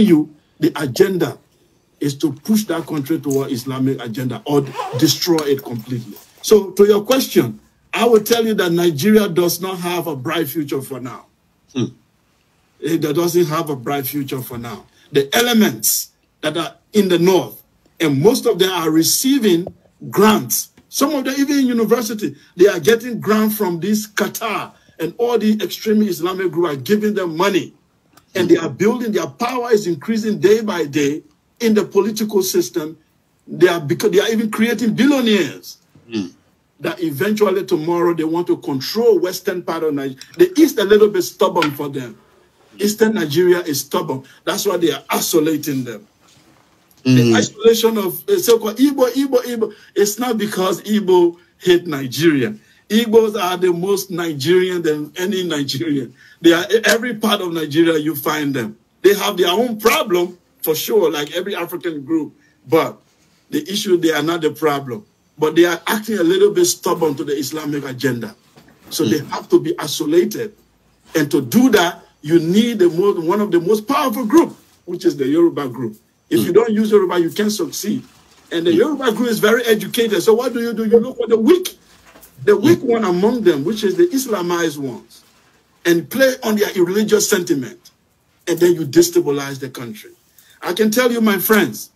you the agenda is to push that country toward Islamic agenda or destroy it completely. So to your question, I will tell you that Nigeria does not have a bright future for now. Hmm. It doesn't have a bright future for now. The elements that are in the north, and most of them are receiving grants. Some of them, even in university, they are getting grants from this Qatar and all the extreme Islamic group are giving them money and they are building, their power is increasing day by day in the political system. They are, because they are even creating billionaires mm. that eventually tomorrow they want to control western part of Nigeria. The East a little bit stubborn for them. Eastern Nigeria is stubborn. That's why they are isolating them. Mm. The hmm. isolation of eh, so-called Igbo, Igbo, Igbo, it's not because Igbo hate Nigeria. Igbos are the most Nigerian than any Nigerian. They are every part of Nigeria you find them. They have their own problem for sure, like every African group. But the issue they are not the problem. But they are acting a little bit stubborn to the Islamic agenda. So mm. they hmm. have to be isolated. And to do that, you need the most, one of the most powerful group, which is the Yoruba group. If mm. you don't use Yoruba, you can't succeed. And the hmm. Yoruba group is very educated. So what do you do? You look for the weak the hmm. weak one among them, which is the Islamized ones, and play on their irreligious sentiment, and then you destabilize the country. I can tell you, my friends,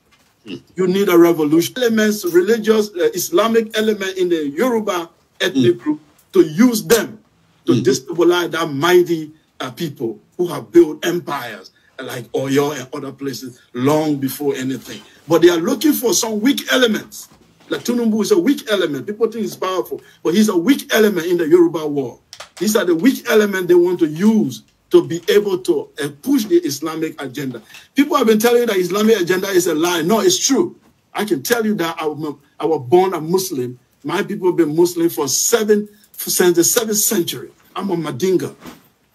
hmm. you need a revolution. Elements, religious, uh, Islamic element in the Yoruba ethnic mm. group to use them to mm. destabilize that mighty uh, people who have built empires like Oyo and other places long before anything. But they are looking for some weak elements like Tunumbu is a weak element. People think he's powerful, but he's a weak element in the Yoruba war. These are the weak element they want to use to be able to uh, push the Islamic agenda. People have been telling you that Islamic agenda is a lie. No, it's true. I can tell you that I, I was born a Muslim. My people have been Muslim for seven since the seventh century. I'm a Madinga,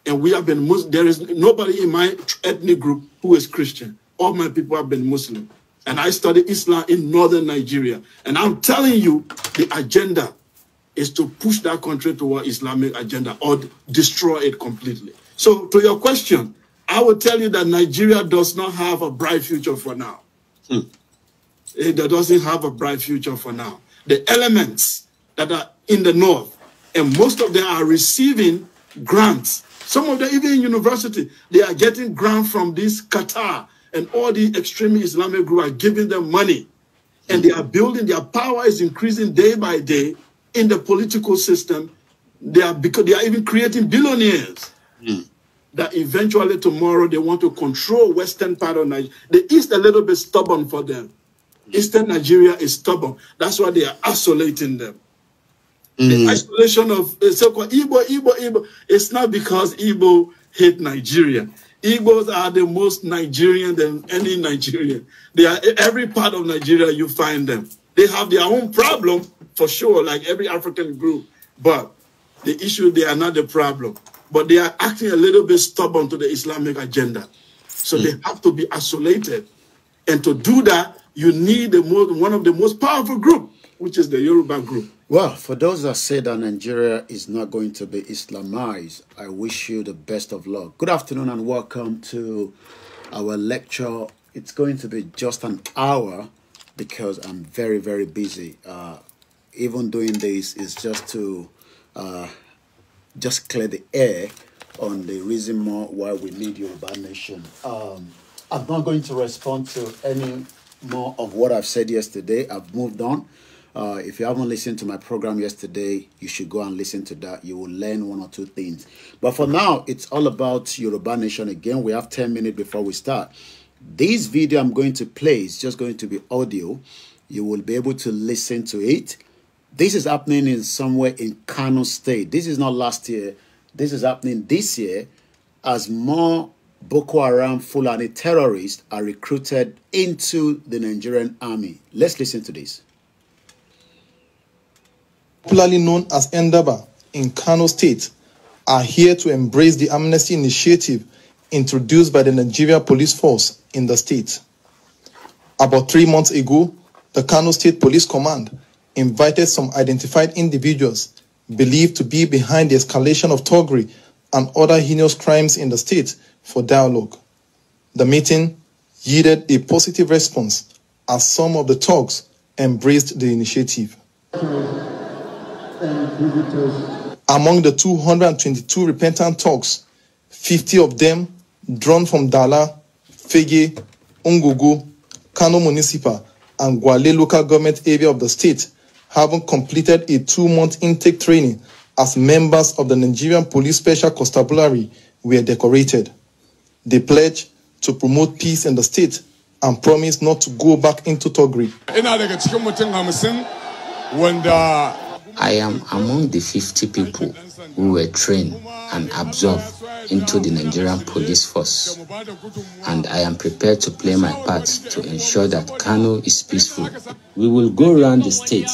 and we have been Muslim. There is nobody in my ethnic group who is Christian. All my people have been Muslim. And I study Islam in northern Nigeria. And I'm telling you, the agenda is to push that country toward Islamic agenda or destroy it completely. So to your question, I will tell you that Nigeria does not have a bright future for now. Hmm. It doesn't have a bright future for now. The elements that are in the north, and most of them are receiving grants. Some of them, even in university, they are getting grants from this Qatar and all the extreme Islamic group are giving them money. And they are building, their power is increasing day by day in the political system. They are because they are even creating billionaires mm. that eventually tomorrow they want to control western part of Nigeria. The East a little bit stubborn for them. Hmm. Eastern Nigeria is stubborn. That's why they are isolating them. Mm. The hmm. isolation of eh, so-called Igbo, Igbo, Igbo, it's not because Igbo hate Nigeria. Igbos are the most Nigerian than any Nigerian. They are every part of Nigeria you find them. They have their own problem for sure, like every African group. But the issue they are not the problem. But they are acting a little bit stubborn to the Islamic agenda. So mm. they hmm. have to be isolated. And to do that, you need the most, one of the most powerful group, which is the Yoruba group. Well, for those that say that Nigeria is not going to be Islamized, I wish you the best of luck. Good afternoon and welcome to our lecture. It's going to be just an hour because I'm very, very busy. Uh, even doing this is just to uh, just clear the air on the reason more why we need Yoruba Nation. Um, I'm not going to respond to any more of what I've said yesterday. I've moved on. Uh, if you haven't listened to my program yesterday, you should go and listen to that. You will learn one or two things. But for now, it's all about Yoruba Nation. Again, we have 10 minutes before we start. This video I'm going to play is just going to be audio. You will be able to listen to it. This is happening in somewhere in Kano State. This is not last year. This is happening this year as more Boko Haram Fulani terrorists are recruited into the Nigerian army. Let's listen to this popularly known as Endaba in Kano State, are here to embrace the amnesty initiative introduced by the Nigeria Police Force in the state. About three months ago, the Kano State Police Command invited some identified individuals believed to be behind the escalation of Togri and other heinous crimes in the state for dialogue. The meeting yielded a positive response as some of the talks embraced the initiative. Among the 222 repentant talks, 50 of them drawn from Dala, Fege, Ungugu, Kano Municipal, and Gwale local government area of the state, having completed a two-month intake training as members of the Nigerian Police Special Constabulary were decorated. They pledged to promote peace in the state and promised not to go back into Togri. I am among the 50 people who were trained and absorbed into the Nigerian police force, and I am prepared to play my part to ensure that Kano is peaceful. We will go around the state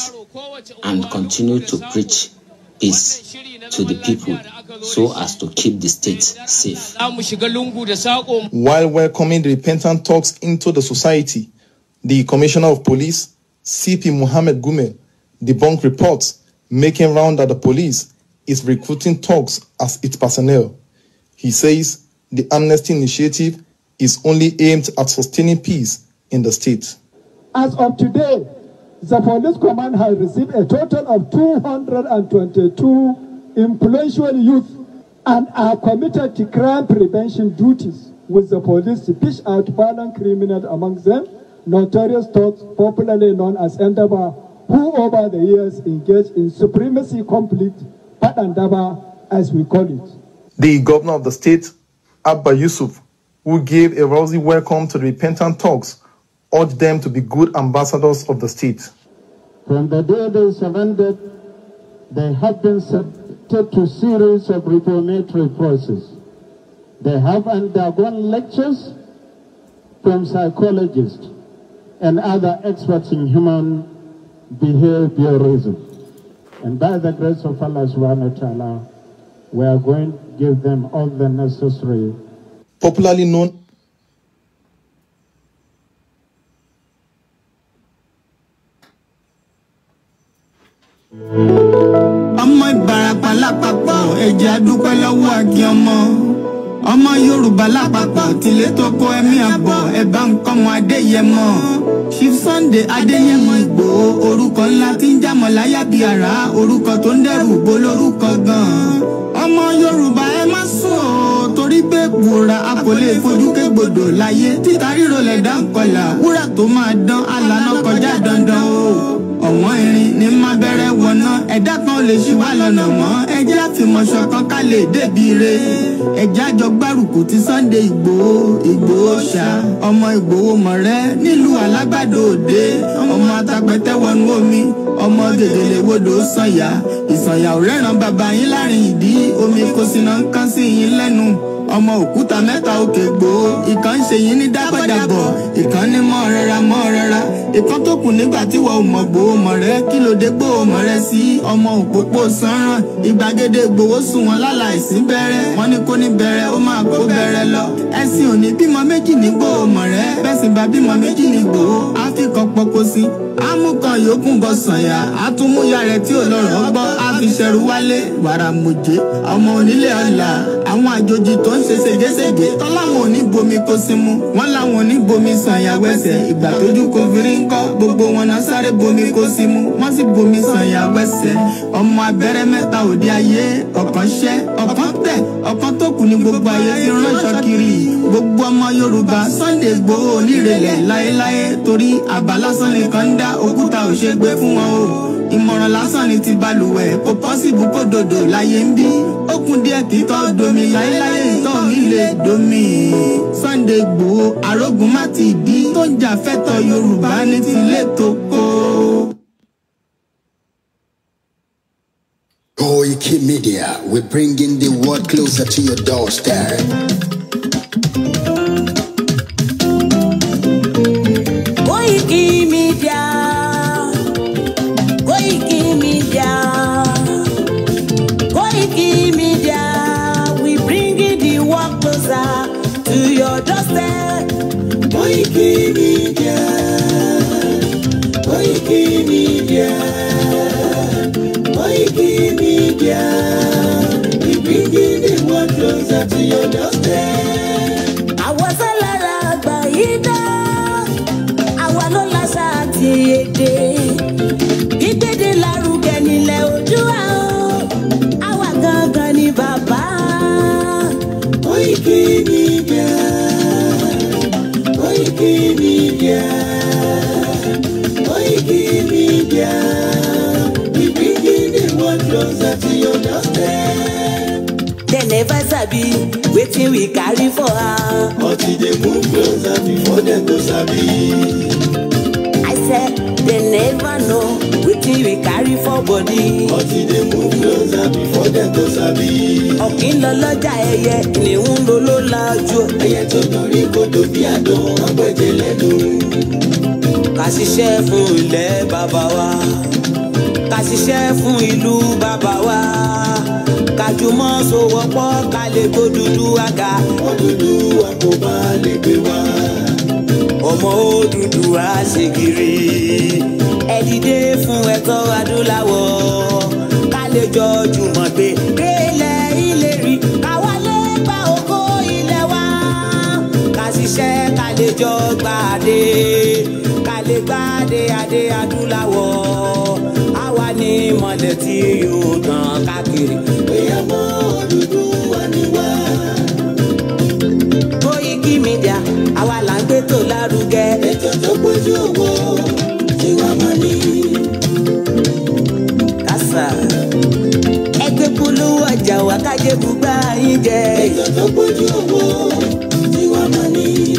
and continue to preach peace to the people so as to keep the state safe. While welcoming the repentant talks into the society, the Commissioner of Police, CP Mohammed Gume, debunked reports making round at the police is recruiting thugs as its personnel. He says the amnesty initiative is only aimed at sustaining peace in the state. As of today, the police command has received a total of 222 influential youth and are committed to crime prevention duties with the police to fish out violent criminals among them, notorious thugs, popularly known as Endeavor who over the years engaged in supremacy conflict, Padandaba, as we call it. The governor of the state, Abba Yusuf, who gave a rosy welcome to the repentant talks, urged them to be good ambassadors of the state. From the day they surrendered, they have been subjected to series of reformatory process. They have undergone lectures from psychologists and other experts in human behaviorism. And by the grace of Allah subhanahu wa ta'ala, we are going to give them all the necessary. Popularly known ọmọ ìbàràpá lápapọ̀ ẹ̀jẹ̀ àdúpẹ́ lọ́wọ́ àgbẹ̀ ọmọ. ọmọ yorùbá lápapọ̀ tìlé tó kó ẹ̀mí àbọ̀ ẹ̀bá nǹkan mọ adéyẹmọ chief sunday adéyẹmọ ìgbòho orúkọ ńlá tí ń jámọ̀ láyà bíi àrá orúkọ tó ń dẹrù bo lórúkọ gan-an ọmọ yorùbá ẹ má sùn o torí pé gbòòrà a kò lè fojú kégbodò láyé títa ríro lẹ̀dá ń kọlà wúrà tó máa dán alànà kọjá dandan o ọ̀wọ́n irin ní má bẹ̀rẹ̀ wọná ẹ̀dá kan ò lè ṣì wá lọ́nà mọ́ ẹjẹ́ àfimọ̀ ṣọ̀kan ká lè débi re ẹjẹ́ àjọ gbárùkù ti Sunday Ìgbòho Ìgbòho ṣá ọmọ Ìgbòho mọ̀rẹ́ nílùú alágbàdo òde ọmọ atagbẹ̀tẹ̀ wọnú omi ọmọ gègèlè wodò sànyà ìsànyà ò rẹ́ràn bàbá yín láàrin ìdí omi kò sì ń kán sí yín lẹ́nu ọmọ òkúta mẹ́ta òkè gbòó ìkan ń ṣe yín ní dábàdàbọ̀ ìkan ní mọ́ rẹra mọ́ rẹra ìkan tó kù nígbà tí wọ́n mọ̀ gbòó mọ̀ rẹ kí ló dé gbòó mọ̀ rẹ sí ọmọ òpópó sanran ìgbàgede gbòó sùn wọn láláìsí bẹ̀rẹ̀ wọn ní kó ní bẹ̀rẹ̀ ó máa kó bẹ̀rẹ̀ lọ ẹ̀sìn ò ní bímọ méjì ní gbòó mọ̀ rẹ bẹ́sìn bá bímọ méjì ní gbòó á fi kan pọkó sí amúkan yòókù bọ sànyà àtúmúyà rẹ tí ò lọ́rọ̀ gbọ́ á fi ṣẹrù wálé wàrà mọ̀jẹ́ ọmọ onílé ọ̀la àwọn àjòjì tó ń ń ṣe ṣègéṣègé tán láwọn òní bomi kó sí mu wọ́n láwọn òní bomi sàn ìyàwó ẹsẹ̀ ìgbà tójú kò fìrí ń kọ́ gbogbo wọn náà sáré bomi kó sí mu wọ́n sì bomi sàn ìyàwó ẹsẹ̀ ọmọ abẹ́rẹ́ mẹ́ta òde ayé ọ̀kan ṣẹ́ ọ̀kan tẹ̀ ọ̀kan tó kù ní gbogbo ayé ti ránṣọ kiri gbogbo ọmọ Yorùbá Sunday Igboho onírèlẹ̀ láéláé torí àbá nìkan dá òkúta òṣègbè fún wọn o ìmọ̀ràn lásán ni ti balùwẹ̀ kò pọ́sibú kó dodo láyé ń bí ó kún díẹ̀ kí domi láéláé ìtọ́ mi lè domi Sunday Igboho arógun má ti dí tó ń jà fẹ́tọ̀ Yorùbá ní tilé tó kó. Koiki Media, we're bringing the world closer to your doorstep. that you understand. àwa sálára àgbà yìí dá àwa ló láṣà àti èdè ìgbéde lárugẹ nílẹ̀ Oòduà àwa gangan ni bàbá. Koiki Media Koiki Media Koiki Media ìbí kí ni wọ́n lọ never sabi wetin we carry for am. Until dey move closer before dem go sabi. I said dem never know wetin we carry for body. Until dey move closer before dem go sabi. Ọ̀kín lọ lọ́jà ẹyẹ ni ń lo ló la ojú. Ẹyẹ tó dorí kodò bí àdó ọgbẹ́jẹ lẹ́nu. Ká ṣiṣẹ́ fún ilẹ̀ bàbá wa. Ká ṣiṣẹ́ fún ìlú bàbá wa kájùmọ̀ sowọ́pọ̀ ká lè tó dúdú àga. òdúdú àkóbá lè gbé wá. ọmọ òdúdú á ṣe kiri. ẹ dìde fún ẹ̀tọ́ adúláwọ̀ ká lè jọ jùmọ̀ gbé. délẹ̀ ilé rí káwá lè gba oko ilé wa. ká ṣiṣẹ́ ká jọ gbàdé ká gbàdé adé adúláwọ̀ ìmọ̀lẹ̀ tí yóò tàn káàkiri. ìyàwó dúdú wà níwá. Koiki Media àwa là ń gbé tó lárugẹ. ètò tó pójú ògbó tí wàá mọ̀ ní. kásà ẹgbẹ́ polówó ọjà wa kájé bùgbà yín jẹ. ètò tó pójú ògbó tí wàá mọ̀ ní.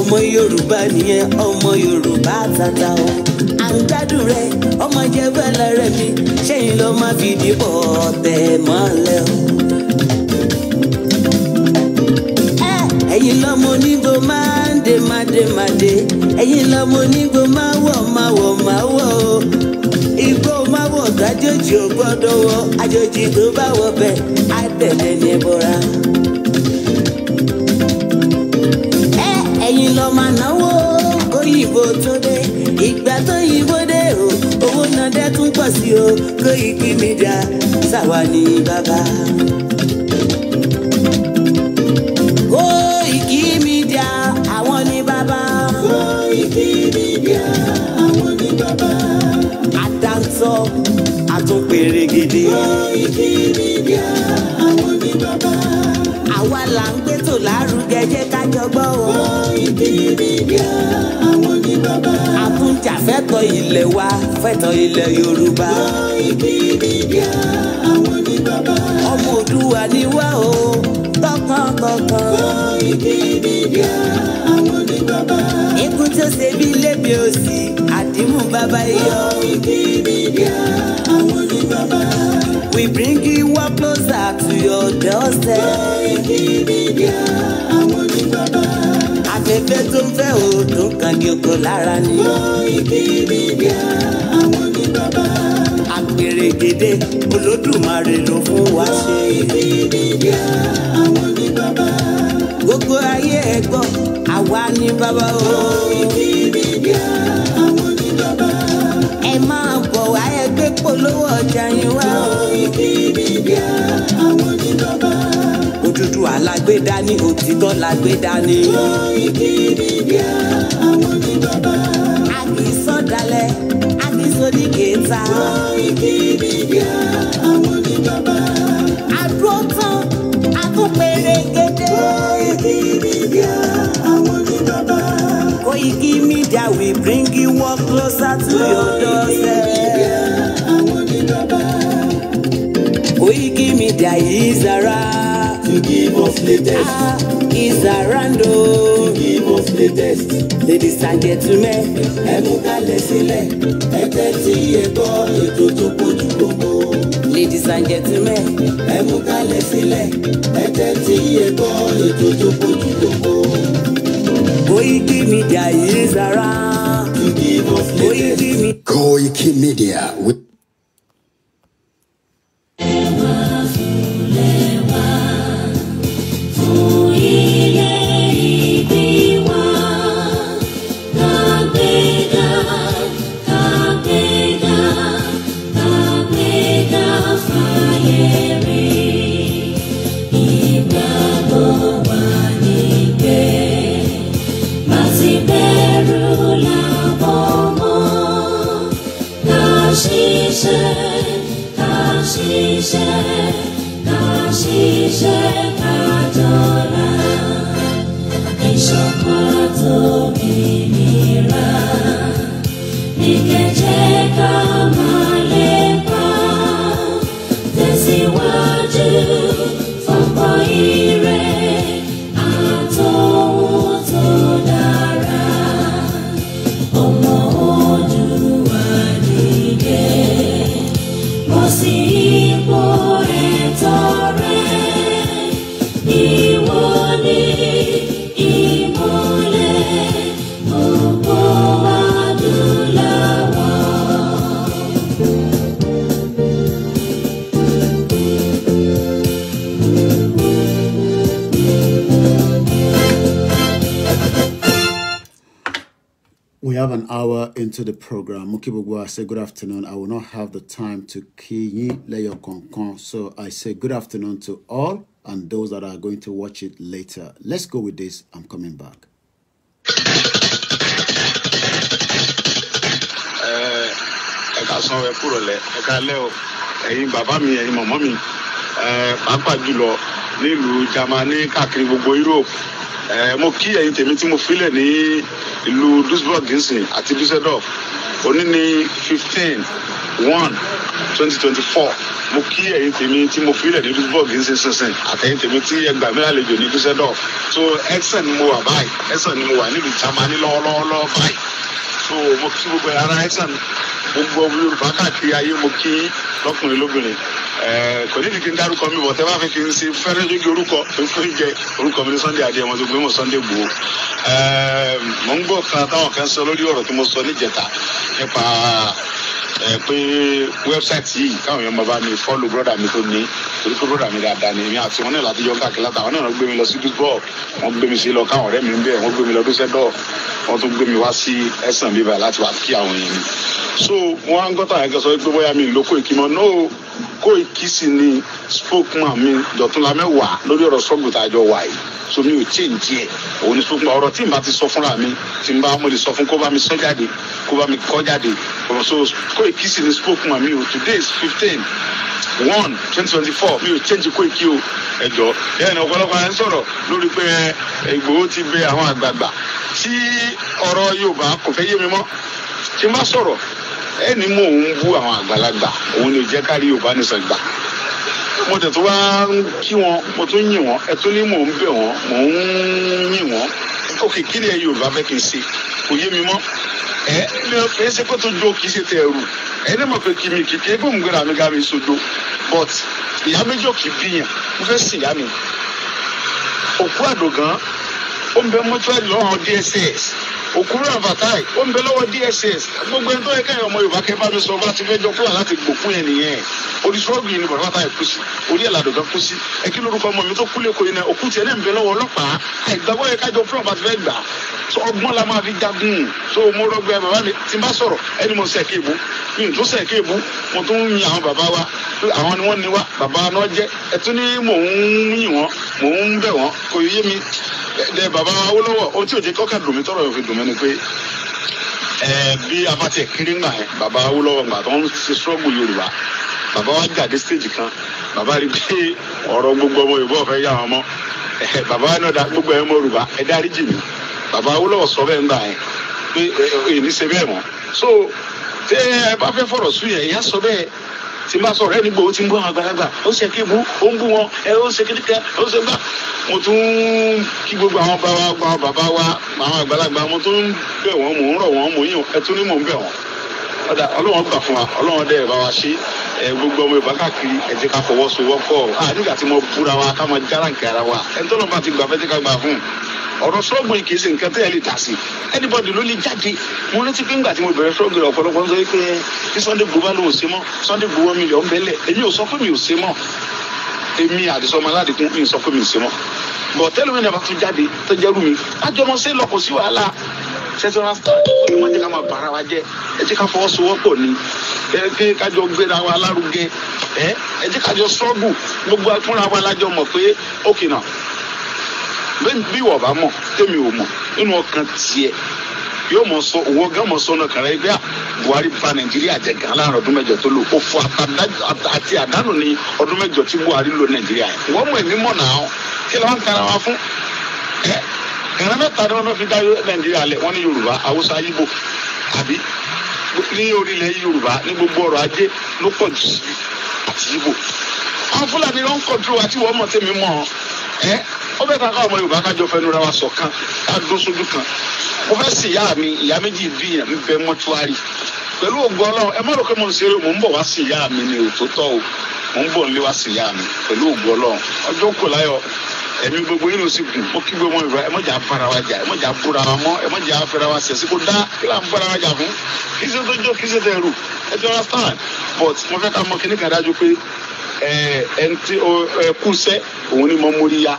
ọmọ yorùbá nìyẹn ọmọ yorùbá tata o à ń gbádùn rẹ ọmọ jẹgbẹ lẹrẹ mi ṣẹyìn lọ má fi dìbò ọtẹ mọ́lẹ̀ o. ẹ̀yin lọmọ onígbò máa ń dé má dé má dé ẹ̀yin lọmọ onígbò máa wọ̀ máa wọ̀ máa wọ̀ o igbó máa wọ̀ tájòjì ò gbọ́dọ̀ wọ àjòjì tó bá wọ bẹ́ẹ̀ á tẹ̀lé ní bọ́ra. lọ máa náwó kóyìnbó tó dé ìgbà tó yìnbó dé o owó náà dẹ́ tún pọ̀ sí o Koiki Media ṣàwa ní bàbá. Koiki Media àwọn ní bàbá. Koiki Media àwọn ní bàbá. àdáńtọ́ àtúnpèrè gidi. Koiki Media àwọn ní bàbá àwa là ń gbé tò lárugẹ jẹ́ ká jọgbọ́ o. wọ́n Ìbílíbíà àwọn ní bàbá. àbújá fẹ́tọ̀ ilẹ̀ wa fẹ́tọ̀ ilẹ̀ Yorùbá. wọ́n Ìbílíbíà àwọn ní bàbá. ọmọ Òduwà ni wá o tọkàntọkàn. wọ́n Ìbílíbíà àwọn ní bàbá. ikú tó ṣe bí lébi òsì àdìmú bàbá yọ. wọ́n Ìbílíbíà àwọn ní bàbá. We bring you up closer to your doorstep. Afẹ́fẹ́ tó ń fẹ́ òòdùn kan ní oko lára ni. Àpèrègèdè olódùmarè ló fún wa ṣe. Gbogbo ayé ẹ̀ gbọ́, àwa ni bàbá o. Ẹ máa bọ̀ wá ẹgbẹ́ polówó ọjà yín wá. la gbé dání òtítọ́ la gbé dání. jọ ìkìrìbíà àwọn ní bàbá. a kì í sọ̀dálẹ̀ a kì í sódì kẹta. jọ ìkìrìbíà àwọn ní bàbá. a dúró tán a tún péré gédé. jọ ìkìrìbíà àwọn ní bàbá. Koiki Media we bring you one closer to your doorstep. Koiki Media is around to give us latest. Ah, is around to give us latest. Ladies and gentlemen, ẹ mú kalẹ̀ sílẹ̀, ẹ tẹ́tí ẹ gbọ́ ètò tó kojú gbogbo. Ladies and gentlemen, ẹ mú kalẹ̀ sílẹ̀, ẹ tẹ́tí ẹ gbọ́ ètò tó kojú gbogbo. Koiki Media is To give us latest. Koiki Media. Koiki Media. por hour into the program. Muki Bugwa, I say good afternoon. I will not have the time to kiyi leyo konkon. So I say good afternoon to all and those that are going to watch it later. Let's go with this. I'm coming back. Eh, ẹ̀ka Eh, mo kí ẹ̀yin tèmi tí mo filẹ̀ ní ìlú Duisburg nsìn àti Düsseldorf òní ní fifteen one twenty twenty four mo kí ẹ̀yin tèmi tí mo filẹ̀ ní Duisburg nsìn sínsìn àtẹ̀yin tèmi tí ẹgbà mi lálejò ní Düsseldorf so Essen ni mo wà báyìí Essen ni mo wà nílùú Germany lọ́wọ́lọ́wọ́ báyìí so mo kí gbogbo ara Essen gbogbo Yorùbá káàkiri ayé mo kí lọ́kùnrin lóbìnrin kò ní fi kí n dárúkọ mi bọ̀ tẹ́ bá fi kí n ṣe fẹ́rẹ́ lójú orúkọ oúnjẹ orúkọ mi ní Sunday adé ọmọ tó gbé mọ̀ Sunday Igboho mọ̀ ń gbọ́ kan táwọn kan sọ lórí ọ̀rọ̀ tí mo sọ níjẹta nípa ẹ pé wẹ́bsáìtì yìí káwọn èèyàn máa bá mi fọ́ọ̀lù bọ́dà mi tó ní torí bọ́dà mi dáadáa ni èmi àti wọn náà láti jọ káàkiri láta àwọn náà gbé mi lọ sí dúpọ̀ wọ́n gbé mi sí lọ káwọn ọ̀rẹ́ mi ń bẹ̀ wọ́n gbé mi lọ dúsẹ́dọ̀ wọ́n tún gbé mi wá sí ẹ̀sán bíbá láti wá kí àwọn èèyàn so wọ́n á ń gbọ́tà yẹn kẹsàn-án pé bóyá mi ìlókò ìkímọ́ náà Koiki sì ni spokesman mi Dọ̀túnlá Mẹ́wàá lórí ọ̀rọ̀ struggle tá a jọ wà yìí so mi ò change ẹ̀ òun ni spokesman ọ̀rọ̀ tí n bá ti sọ fúnra mi tí n bá mo lè sọ fún kó bá mi sọ jáde kó bá mi kọ́ jáde so Koiki sì ni spokesman mi o today is fifteen one twenty twenty four mi ò change Koiki o ẹjọ bẹ́ẹ̀ ni ọ̀pọ̀lọpọ̀ à ń sọ̀rọ̀ lórí pé Ìgbòho ti bẹ àwọn àgbààgbà tí ọ̀rọ̀ Yorùbá kò fẹ́ yé mi mọ́ tí n bá sọ̀rọ̀ ẹni mò ń bú àwọn àgbàlagbà òun ló jẹ́ kárí yorùbá ní sọgbà mo tẹ̀ tó wá kí wọn mo tún yìn wọn ẹ tún ní mò ń bẹ̀ wọn mò ń yìn wọn òkè kí ni ẹ yorùbá fẹ́ kí n ṣe kò yé mi mọ́ ẹ mi ò fẹ́ ṣe kó tó jó kì í ṣe tẹ ẹrù ẹ ní mo fẹ́ kí mi kì í kó mi gbéra mi ká mi sojo but ìyá méjọ kì í bíyàn mo fẹ́ sìn ìyá mi òkú àdògán ó ń bẹ mọ́tò ẹ̀ lọ́hàn dss òkúrò àfàtàì ó ń bẹ lọ́wọ́ dss gbogbo ẹni tó yẹ káyọ̀ ọmọ yorùbá kẹ́ bá mi sọ bá ti fẹ́ jọ fúlà láti gbò fún ẹnìyẹn orí sọ́ọ̀gì ni bàbá táyì kú sí orí ẹ̀làdọ̀gá kú sí ẹ kí lórúkọ ọmọ mi tó kú lẹ́kọ̀ọ́ yìí náà òkú tiẹ̀ náà ń bẹ lọ́wọ́ ọlọ́pàá àìgbàgbọ́ yẹ kájọ fúlà bá ti fẹ́ gbà la máa fi so mo rọgbẹ bàbá mi tí ni wọ́n ni wa bàbá náà jẹ́ ẹ tún ní mò ń yìn wọ́n mò ń ẹ bàbá Awólọ́wọ̀ ohun tí òjì kọ́kà dùn mí tọrọ òfin dùn mí ni pé bí a bá tiẹ̀ kiri ńgbà yẹn bàbá Awólọ́wọ̀ ńgbà tó ń ṣe sọ́ọ̀bù Yorùbá bàbá wa gàdé stage kan bàbá rí pé ọ̀rọ̀ gbogbo ọmọ Yorùbá ọ̀fẹ́ yà wọn mọ́ bàbá náà da gbogbo ẹ̀ mọ́ Yorùbá ẹ̀ dárí jì mí bàbá Awólọ́wọ̀ sọ bẹ́ẹ̀ ńgbà yẹn pé èyí ní ṣe bẹ́ẹ̀ so tẹ́ ẹ bá fẹ́ fọ̀rọ̀ sún yẹn ìyá sọ bẹ́ẹ̀ tí n bá sọ̀rọ̀ ẹni gbòó ti ń bú àwọn àgbàlagbà ó ṣe kí bú ó ń bú wọn ẹ ó ṣe kíkẹ ó ṣe gbà mo tún kí gbogbo àwọn bàbá wa àwọn bàbá wa àwọn àgbàlagbà mo tún bẹ̀ wọ́n mò ń rọ̀ wọ́n mò ń yàn ẹ tún ní mò ń bẹ̀ wọ́n ọ̀dà ọlọ́wọ́n gbà fún wa ọlọ́wọ́n dẹ̀ bá wa ṣe ẹ gbogbo ọmọ Yorùbá káàkiri ẹ jẹ́ ká fọwọ́sowọ́pọ̀ nígbà tí mo búra wa ká máa jára nkàrà wa ẹ tọ́lọ́ bá ti gbà fẹ́ ọ̀rọ̀ struggle kì í ṣe nǹkan tẹ́yẹ lè tà sí anybody ló lè jáde mo rántí pé ńgbà tí mo bẹ̀rẹ̀ struggle ọ̀pọ̀lọpọ̀ ń sọ pé kí Sunday Igboho ló ń ṣe mọ́ Sunday Igboho mi lè ọ̀ ń bẹ́lẹ̀ èmi ò sọ pé mi ò ṣe mọ́ èmi àdìsọ́mọ aládìkún mi sọ pé mi ò ṣe mọ́ bọ̀ tẹ́lẹ̀ mi nàbà tún jáde tó jẹ́ rú mi ájọmọ́ sí lọ kò sí wàhálà ṣẹ́sẹ́ wọn sọ pé wọ́n jẹ́ ká máa bára wa jẹ́ ẹ jẹ́ ká fọwọ́sowọ́pọ̀ ni ẹ jẹ́ ká jọ gbéra wa lárugẹ ẹ ẹ jẹ́ ká jọ struggle gbogbo afúnra wa lájọ mọ̀ pé ókè náà bí wọ́n bá mọ̀ tẹ́mi ò mọ̀ nínú ọkàn tiẹ̀ yóò mọ̀ sọ owó gán mọ̀ sọ náà kàrà ẹgbẹ́ Buhari ba Nàìjíríà jẹ gan láàrin ọdún mẹ́jọ tó lò òfò àti àdánù ní ọdún mẹ́jọ tí Buhari lò Nàìjíríà yẹn wọ́n mọ̀ èmi mọ̀ náà kí ló ń tara wa fún ẹ kàrà mẹ́ta ni wọ́n fi dá Nàìjíríà lẹ̀ wọ́n ní Yorùbá Haúsá Ìgbò àbí ní orílẹ̀ Yorùbá ní gbogbo ọrọ̀ ajé ló pọ̀ jù àti Ìgbò àwọn Fúlàní ló ń kọjú àti wọ́n mọ̀ tẹ́mi mọ̀ ọ́ ẹ ó bẹ́ẹ̀ ká ọmọ Yorùbá kájọ fẹnu ra wa ṣọ̀kan ká dó sójú kan mo fẹ́ sí ìyá mi ìyá méjì bí ìyá mi bẹ mọ́túárì pẹ̀lú ògbọ́ Ọlọ́run ẹ má rò pé mo ń ṣeré mò ń bọ̀ wá sí ìyá mi ni òtótọ́ o mò ń bọ̀ nílé wá sí ìyá mi pẹ̀lú ògbọ́ Ọlọ́run ọjọ́ kò láyọ̀ ẹ̀mí gbogbo yìí ló sì dùn ó kí gbogbo Yorùbá ẹ má jà bára wa jà ẹ má jà búra wa mọ́ ẹ má jà fẹ́ra wa sẹ̀ sí kó dá kí là ń bára wa jà fún kí ṣe tó jọ kí ṣe tẹ̀ ẹntì ẹkúsẹ òun ni mo mórí ya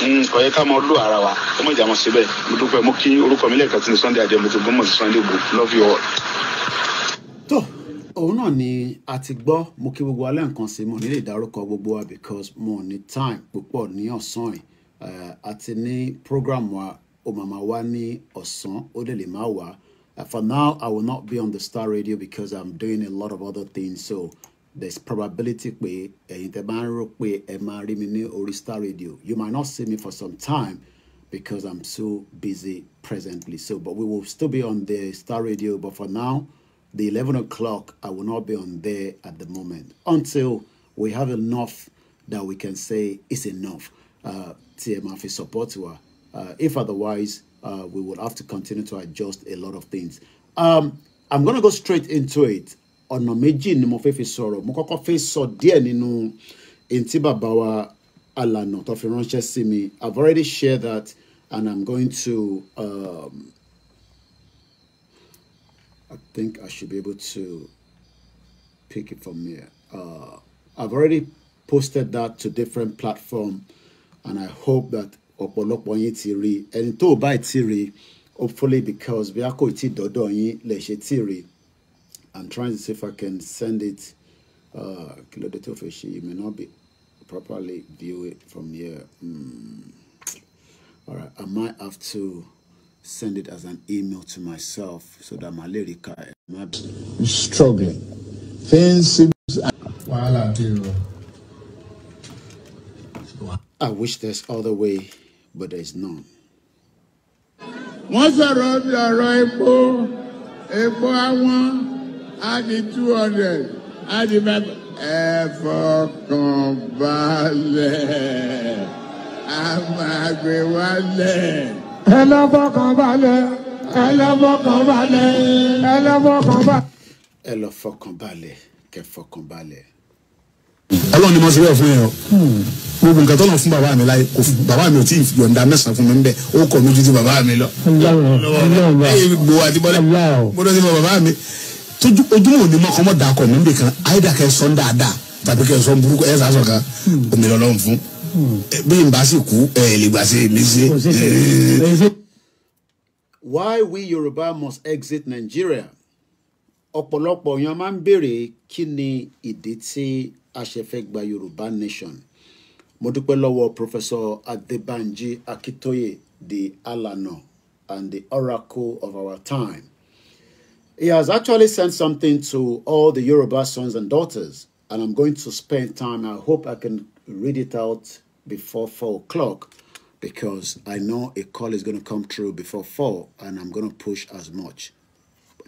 hmm, kò yẹ ká mọ lù ara wa ó mọ ìjà mọ mo dúpẹ́ mo kí orúkọ mi lẹ́ẹ̀kan tí ní Sunday Adé mo ti gbọmọ sí Sunday Igboho love you all. tó òun náà ni a ti gbọ́ mo kí gbogbo alẹ́ nǹkan sí mo nílè dárúkọ gbogbo wa because mo ní time púpọ̀ ní ọ̀sán yìí àti ní program wa ó màmá wá ní ọ̀sán ó dẹ̀ lè má wá. Uh, for now, I will not be on the Star Radio because I'm doing a lot of other things. So there's probability pé in the bá ń rò pé ẹ máa rí mi ní orí Star Radio you might not see me for some time because I'm so busy presently so but we will still be on the Star Radio but for now the 11 o'clock I will not be on there at the moment until we have enough that we can say is enough uh, tí support uh, if otherwise uh, we will have to continue to adjust a lot of things um, I'm gonna go straight into it ọ̀nà méjì ni mo fẹ́ fi sọ̀rọ̀ mo kọ́kọ́ fẹ́ sọ díẹ̀ nínú èyí tí bàbá wa Alana tó fi ránṣẹ́ sí mi I've already shared that and I'm going to um, I think I should be able to pick it from here uh, I've already posted that to different platforms and I hope that ọ̀pọ̀lọpọ̀ yín ti rí ẹni tó bá ti rí hopefully because bí a kò tí dọ́dọ̀ yín lè ṣe ti rí I'm trying to see if I can send it. Uh, you may not be properly view it from here. Mm. All right, I might have to send it as an email to myself so that my lyric might struggling. Things while I do. I wish there's other way, but there's none. Wọ́n sọ̀rọ̀ bí ọ̀rọ̀ epo, epo àwọn. I need 200. I need the five. ẹ fọkàn balẹ̀ a máa gbé wálẹ̀. ẹ lọ fọkàn balẹ̀ ẹ lọ fọkàn balẹ̀ ẹ lọ fọkàn balẹ̀. ẹ lọ fọkàn balẹ̀ kẹ fọkàn balẹ̀. ọlọ́run ni mo ṣe bẹ́ẹ̀ fún yẹn o hmm. gbogbo nǹkan tọ́lọ̀ fún bàbá mi láyé kò fún bàbá mi ò tí ì yọ̀ǹda mẹ́sàn-án fún mi ń bẹ̀ ó kọ̀ mi ju ti bàbá mi lọ. ẹ̀yin gbowó àti bọ́lá mo lọ sí bàbá mi tójú ojúmọ̀ òní mọ̀ kọ́mọ́ dà kọ́ mi nìkan àyídà kẹ́ sọ́n dáadáa tàbí kẹ́ sọ́n burúkú ẹ̀ sà sọ̀kan omi lọ́lọ́run fún bí n bá sì kú ẹ̀ lè gbà sí mi sí. Why we Yoruba must exit Nigeria? ọ̀pọ̀lọpọ̀ èèyàn máa ń béèrè kí ni ìdí tí a ṣe fẹ́ gba Yorùbá nation mo dúpẹ́ lọ́wọ́ Professor Adébánjí Akitoye the Alano and the oracle of our time He has actually sent something to all the Yoruba sons and daughters, and I'm going to spend time. I hope I can read it out before 4 o'clock because I know a call is going to come through before 4 and I'm going to push as much.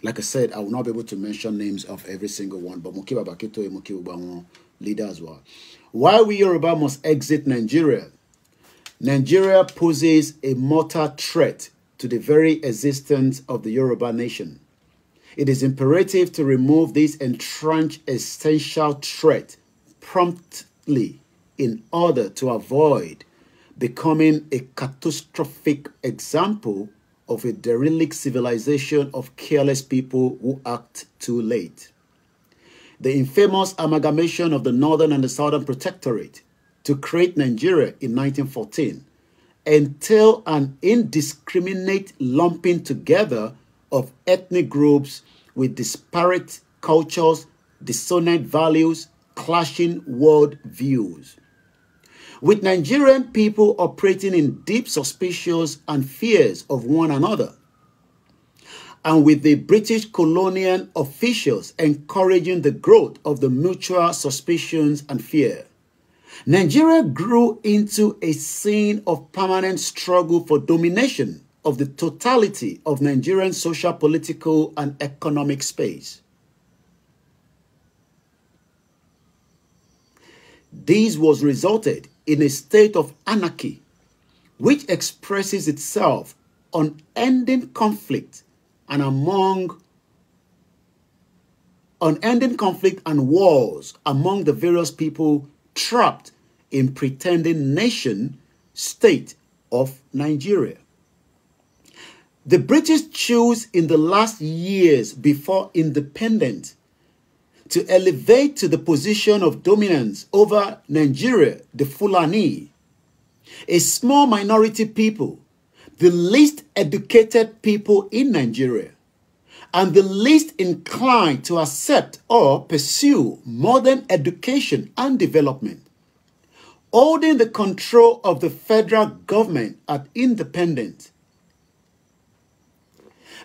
Like I said, I will not be able to mention names of every single one, but Mukiba Bakito and Mukiba leader as well. Why we Yoruba must exit Nigeria? Nigeria poses a mortal threat to the very existence of the Yoruba nation it is imperative to remove this entrenched essential threat promptly in order to avoid becoming a catastrophic example of a derelict civilization of careless people who act too late. The infamous amalgamation of the Northern and the Southern Protectorate to create Nigeria in 1914 until an indiscriminate lumping together of ethnic groups with disparate cultures, dissonant values, clashing world views. With Nigerian people operating in deep suspicions and fears of one another, and with the British colonial officials encouraging the growth of the mutual suspicions and fear. Nigeria grew into a scene of permanent struggle for domination of the totality of Nigerian social, political, and economic space. This was resulted in a state of anarchy, which expresses itself on ending conflict and among unending conflict and wars among the various people trapped in pretending nation state of Nigeria. The British chose in the last years before independence to elevate to the position of dominance over Nigeria, the Fulani, a small minority people, the least educated people in Nigeria, and the least inclined to accept or pursue modern education and development. Holding the control of the federal government at independence,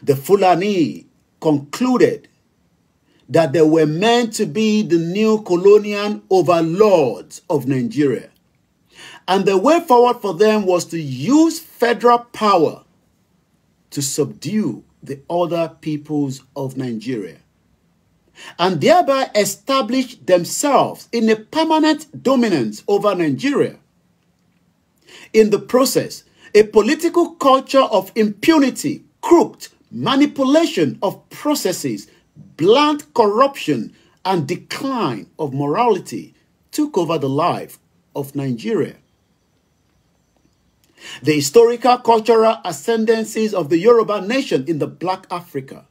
the Fulani concluded that they were meant to be the new colonial overlords of Nigeria. And the way forward for them was to use federal power to subdue the other peoples of Nigeria and thereby establish themselves in a permanent dominance over Nigeria. In the process, a political culture of impunity, crooked, manipulation of processes, blunt corruption, and decline of morality took over the life of Nigeria. The historical cultural ascendancies of the Yoruba nation in the Black Africa,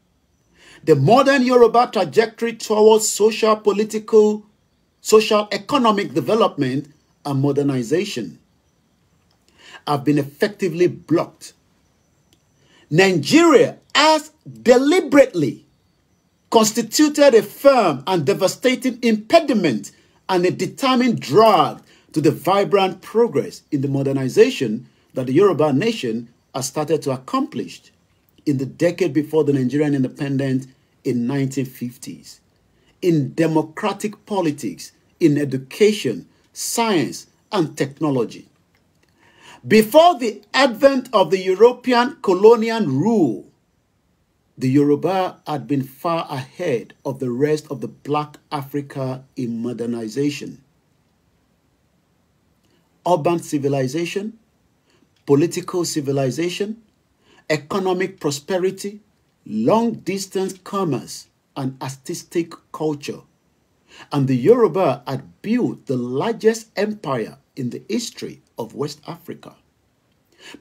the modern Yoruba trajectory towards social, political, social, economic development and modernization have been effectively blocked. Nigeria has deliberately constituted a firm and devastating impediment and a determined drag to the vibrant progress in the modernization that the Yoruba nation has started to accomplish in the decade before the Nigerian independence in 1950s. In democratic politics, in education, science, and technology. Before the advent of the European colonial rule, The Yoruba had been far ahead of the rest of the black Africa in modernization, urban civilization, political civilization, economic prosperity, long distance commerce, and artistic culture. And the Yoruba had built the largest empire in the history of West Africa.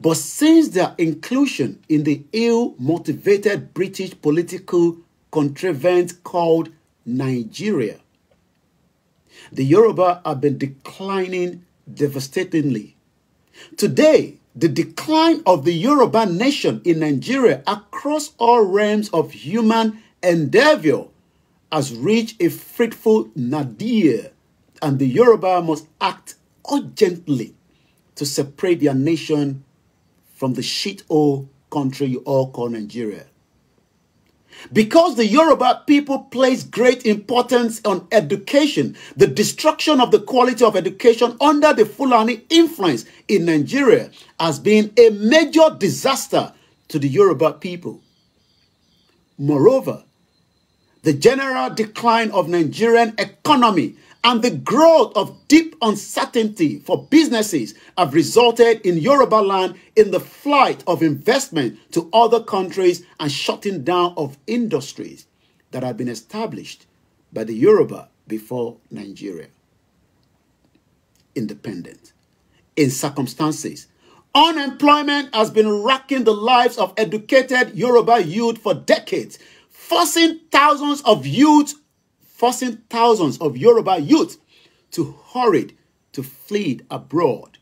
But since their inclusion in the ill motivated British political contrivance called Nigeria, the Yoruba have been declining devastatingly. Today, the decline of the Yoruba nation in Nigeria across all realms of human endeavor has reached a frightful nadir, and the Yoruba must act urgently to separate their nation from the shit hole country you all call Nigeria. Because the Yoruba people place great importance on education, the destruction of the quality of education under the Fulani influence in Nigeria has been a major disaster to the Yoruba people. Moreover, the general decline of Nigerian economy and the growth of deep uncertainty for businesses have resulted in Yoruba land in the flight of investment to other countries and shutting down of industries that have been established by the Yoruba before Nigeria. Independent. In circumstances, unemployment has been racking the lives of educated Yoruba youth for decades, forcing thousands of youths forcing thousands of Yoruba youth to hurry to flee abroad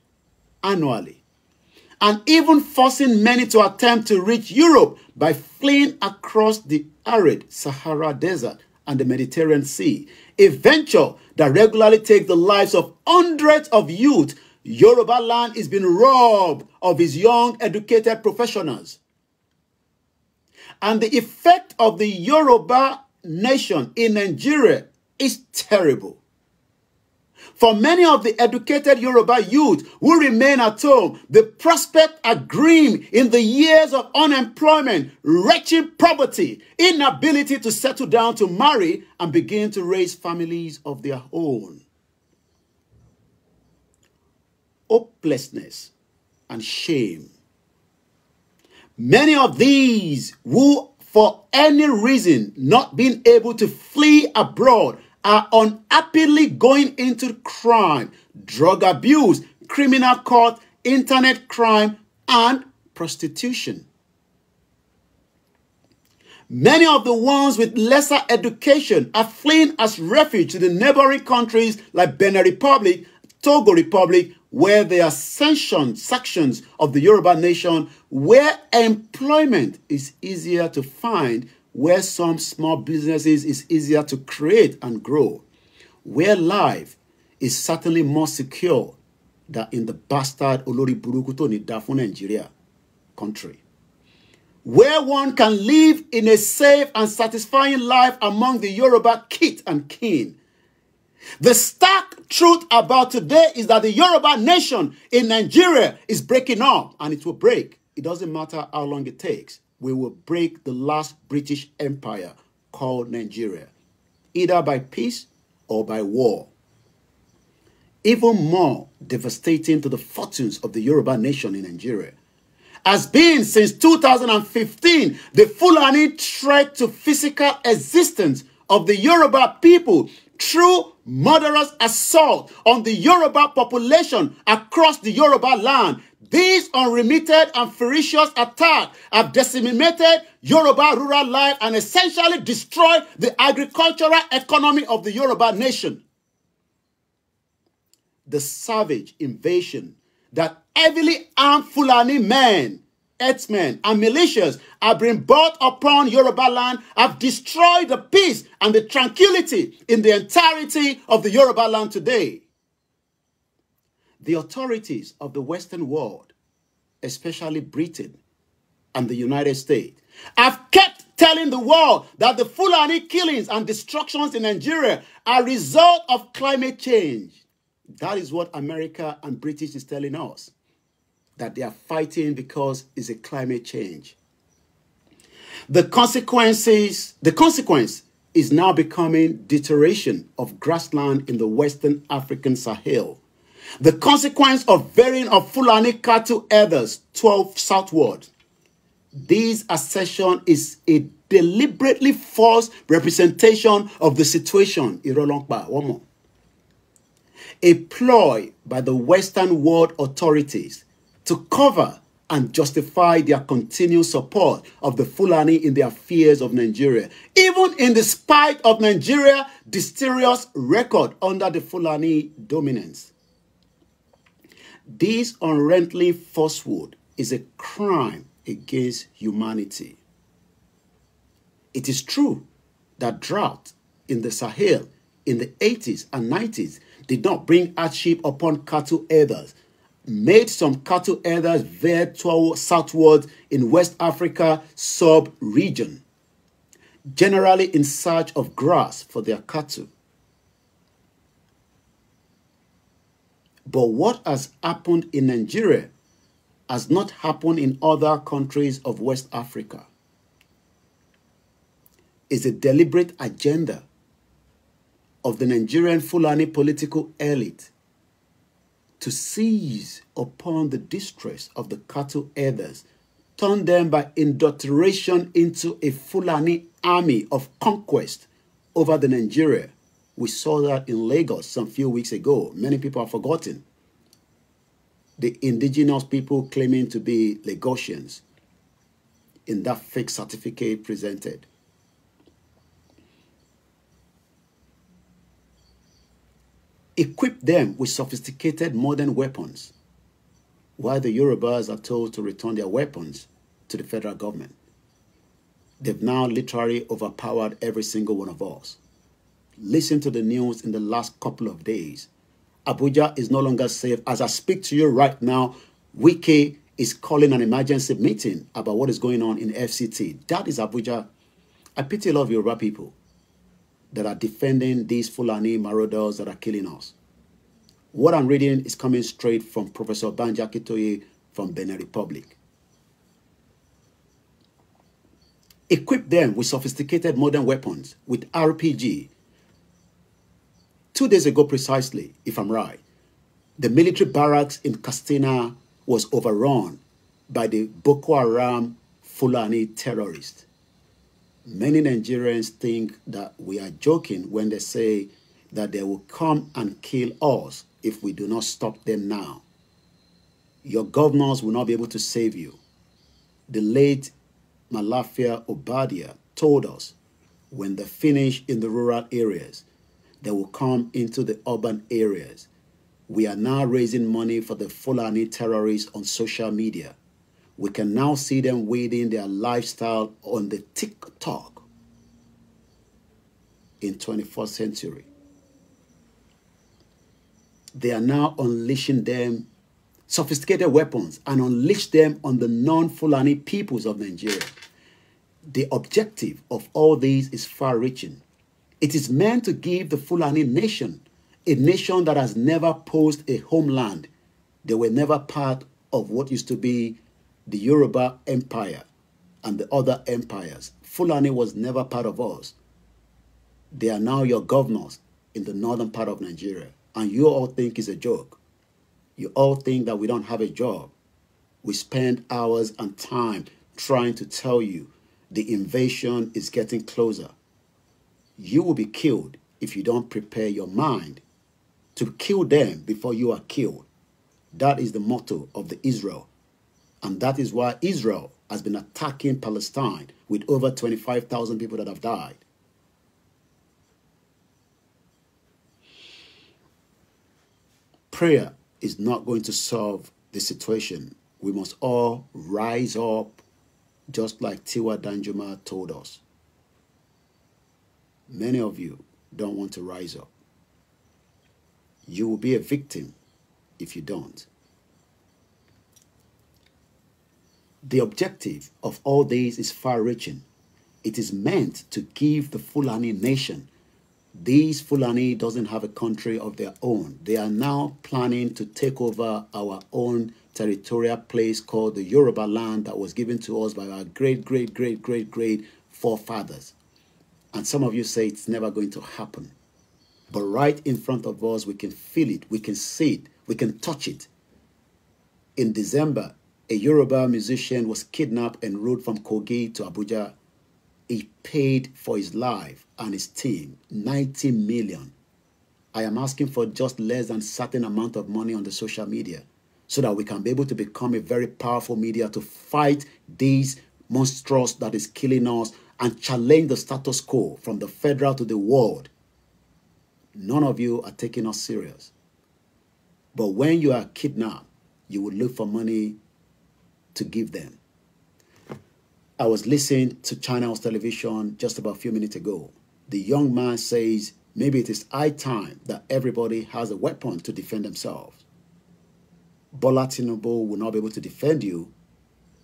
annually, and even forcing many to attempt to reach Europe by fleeing across the arid Sahara Desert and the Mediterranean Sea, a venture that regularly takes the lives of hundreds of youth. Yoruba land is being robbed of its young, educated professionals. And the effect of the Yoruba nation in Nigeria is terrible. For many of the educated Yoruba youth who remain at home, the prospect are grim in the years of unemployment, wretched poverty, inability to settle down to marry and begin to raise families of their own. Hopelessness and shame. Many of these who for any reason not being able to flee abroad are unhappily going into crime, drug abuse, criminal court, internet crime, and prostitution. Many of the ones with lesser education are fleeing as refuge to the neighboring countries like Benin Republic, Togo Republic, where there are section, sections of the Yoruba nation where employment is easier to find, where some small businesses is easier to create and grow, where life is certainly more secure than in the bastard Olori Burukuto ni Nidafu Nigeria country. Where one can live in a safe and satisfying life among the Yoruba kit and kin The stark truth about today is that the Yoruba nation in Nigeria is breaking up and it will break. It doesn't matter how long it takes. We will break the last British empire called Nigeria, either by peace or by war. Even more devastating to the fortunes of the Yoruba nation in Nigeria has been since 2015 the full and threat to physical existence of the Yoruba people True murderous assault on the Yoruba population across the Yoruba land. These unremitted and ferocious attacks have decimated Yoruba rural life and essentially destroyed the agricultural economy of the Yoruba nation. The savage invasion that heavily armed Fulani men men and militias have been brought upon Yoruba land, have destroyed the peace and the tranquility in the entirety of the Yoruba land today. The authorities of the Western world, especially Britain and the United States, have kept telling the world that the Fulani killings and destructions in Nigeria are a result of climate change. That is what America and British is telling us that they are fighting because it's a climate change. The consequences, the consequence is now becoming deterioration of grassland in the Western African Sahel. The consequence of varying of Fulani cattle herders 12 southward. This assertion is a deliberately false representation of the situation. One more. A ploy by the Western world authorities to cover and justify their continued support of the Fulani in their fears of Nigeria. Even in the spite of Nigeria's disastrous record under the Fulani dominance. This unrelenting falsehood is a crime against humanity. It is true that drought in the Sahel in the 80s and 90s did not bring hardship upon cattle herders made some cattle herders veer southward in West Africa sub-region, generally in search of grass for their cattle. But what has happened in Nigeria has not happened in other countries of West Africa. Is a deliberate agenda of the Nigerian Fulani political elite to seize upon the distress of the cattle herders, turn them by indoctrination into a Fulani army of conquest over the Nigeria. We saw that in Lagos some few weeks ago. Many people have forgotten. The indigenous people claiming to be Lagosians in that fake certificate presented. equip them with sophisticated modern weapons, while the Yorubas are told to return their weapons to the federal government. They've now literally overpowered every single one of us. Listen to the news in the last couple of days. Abuja is no longer safe. As I speak to you right now, Wiki is calling an emergency meeting about what is going on in FCT. That is Abuja. I pity a lot of Yoruba people that are defending these Fulani marauders that are killing us. What I'm reading is coming straight from Professor Banja Kitoye from Benin Republic. Equip them with sophisticated modern weapons, with RPG. Two days ago precisely, if I'm right, the military barracks in Castina was overrun by the Boko Haram Fulani terrorists. Many Nigerians think that we are joking when they say that they will come and kill us if we do not stop them now. Your governors will not be able to save you. The late Malafia Obadia told us when they finish in the rural areas, they will come into the urban areas. We are now raising money for the Fulani terrorists on social media we can now see them weighing their lifestyle on the TikTok in 21st century. They are now unleashing them sophisticated weapons and unleash them on the non-Fulani peoples of Nigeria. The objective of all these is far-reaching. It is meant to give the Fulani nation, a nation that has never posed a homeland. They were never part of what used to be the Yoruba Empire and the other empires. Fulani was never part of us. They are now your governors in the northern part of Nigeria. And you all think it's a joke. You all think that we don't have a job. We spend hours and time trying to tell you the invasion is getting closer. You will be killed if you don't prepare your mind to kill them before you are killed. That is the motto of the Israel and that is why Israel has been attacking Palestine with over 25,000 people that have died. Prayer is not going to solve the situation. We must all rise up, just like Tiwa Danjuma told us. Many of you don't want to rise up. You will be a victim if you don't. The objective of all this is far reaching. It is meant to give the Fulani nation. These Fulani doesn't have a country of their own. They are now planning to take over our own territorial place called the Yoruba land that was given to us by our great, great, great, great, great forefathers. And some of you say it's never going to happen. But right in front of us, we can feel it, we can see it, we can touch it. In December a Yoruba musician was kidnapped and rode from Kogi to Abuja. He paid for his life and his team 90 million. I am asking for just less than certain amount of money on the social media so that we can be able to become a very powerful media to fight these monstrous that is killing us and challenge the status quo from the federal to the world. None of you are taking us serious. But when you are kidnapped, you will look for money to give them. I was listening to China's television just about a few minutes ago. The young man says maybe it is high time that everybody has a weapon to defend themselves. Bola Tinubu will not be able to defend you,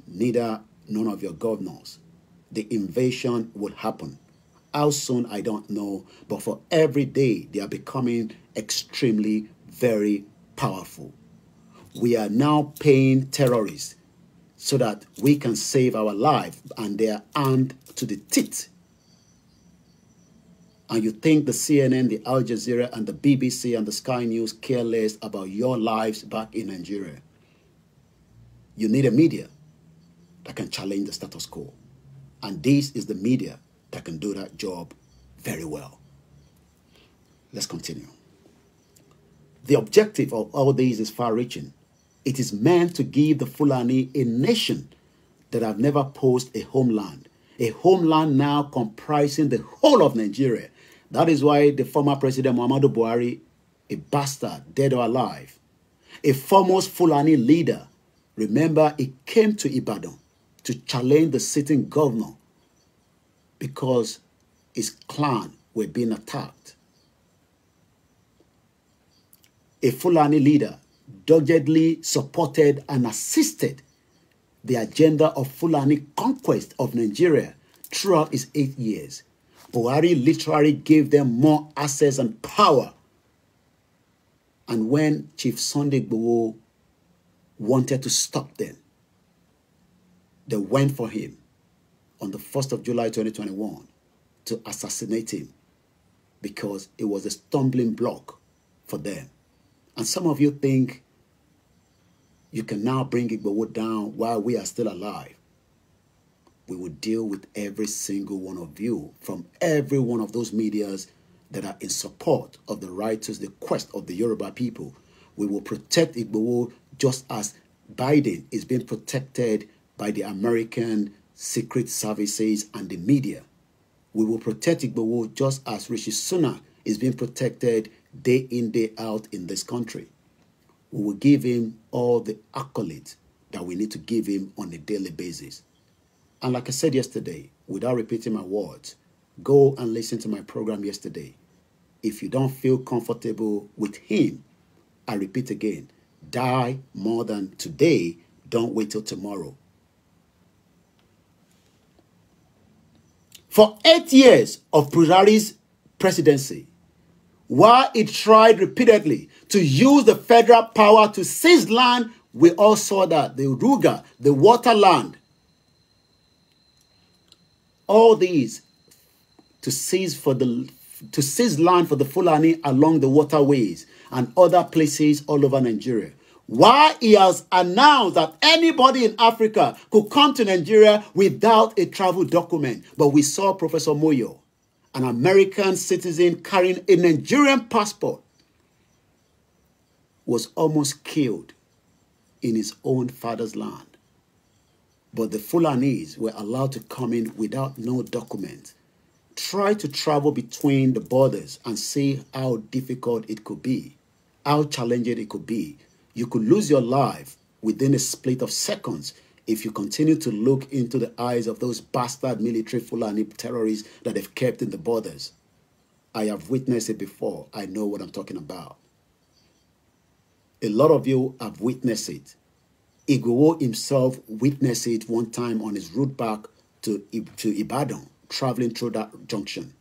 neither none of your governors. The invasion will happen. How soon, I don't know, but for every day, they are becoming extremely, very powerful. We are now paying terrorists so that we can save our life and they are armed to the teeth. And you think the CNN, the Al Jazeera, and the BBC and the Sky News care less about your lives back in Nigeria. You need a media that can challenge the status quo. And this is the media that can do that job very well. Let's continue. The objective of all these is far reaching it is meant to give the Fulani a nation that have never posed a homeland, a homeland now comprising the whole of Nigeria. That is why the former President Muhammadu Buhari, a bastard, dead or alive, a foremost Fulani leader, remember he came to Ibadan to challenge the sitting governor because his clan were being attacked. A Fulani leader doggedly supported and assisted the agenda of Fulani conquest of Nigeria throughout his eight years. Buhari literally gave them more access and power. And when Chief Sunday Gbowo wanted to stop them, they went for him on the 1st of July 2021 to assassinate him because it was a stumbling block for them. And some of you think you can now bring Igbowo down while we are still alive. We will deal with every single one of you from every one of those medias that are in support of the righteous, the quest of the Yoruba people. We will protect Igbowo just as Biden is being protected by the American secret services and the media. We will protect Igbowo just as Rishi Sunak is being protected day in, day out in this country. We will give him all the accolades that we need to give him on a daily basis. And like I said yesterday, without repeating my words, go and listen to my program yesterday. If you don't feel comfortable with him, I repeat again, die more than today. Don't wait till tomorrow. For eight years of Buhari's presidency, why it tried repeatedly to use the federal power to seize land, we all saw that the Ruga, the water land, all these to seize for the to seize land for the Fulani along the waterways and other places all over Nigeria. Why he has announced that anybody in Africa could come to Nigeria without a travel document. But we saw Professor Moyo an American citizen carrying a Nigerian passport, was almost killed in his own father's land. But the Fulanis were allowed to come in without no document. Try to travel between the borders and see how difficult it could be, how challenging it could be. You could lose your life within a split of seconds if you continue to look into the eyes of those bastard military Fulani terrorists that they have kept in the borders, I have witnessed it before. I know what I'm talking about. A lot of you have witnessed it. Igbo himself witnessed it one time on his route back to, to Ibadan, traveling through that junction.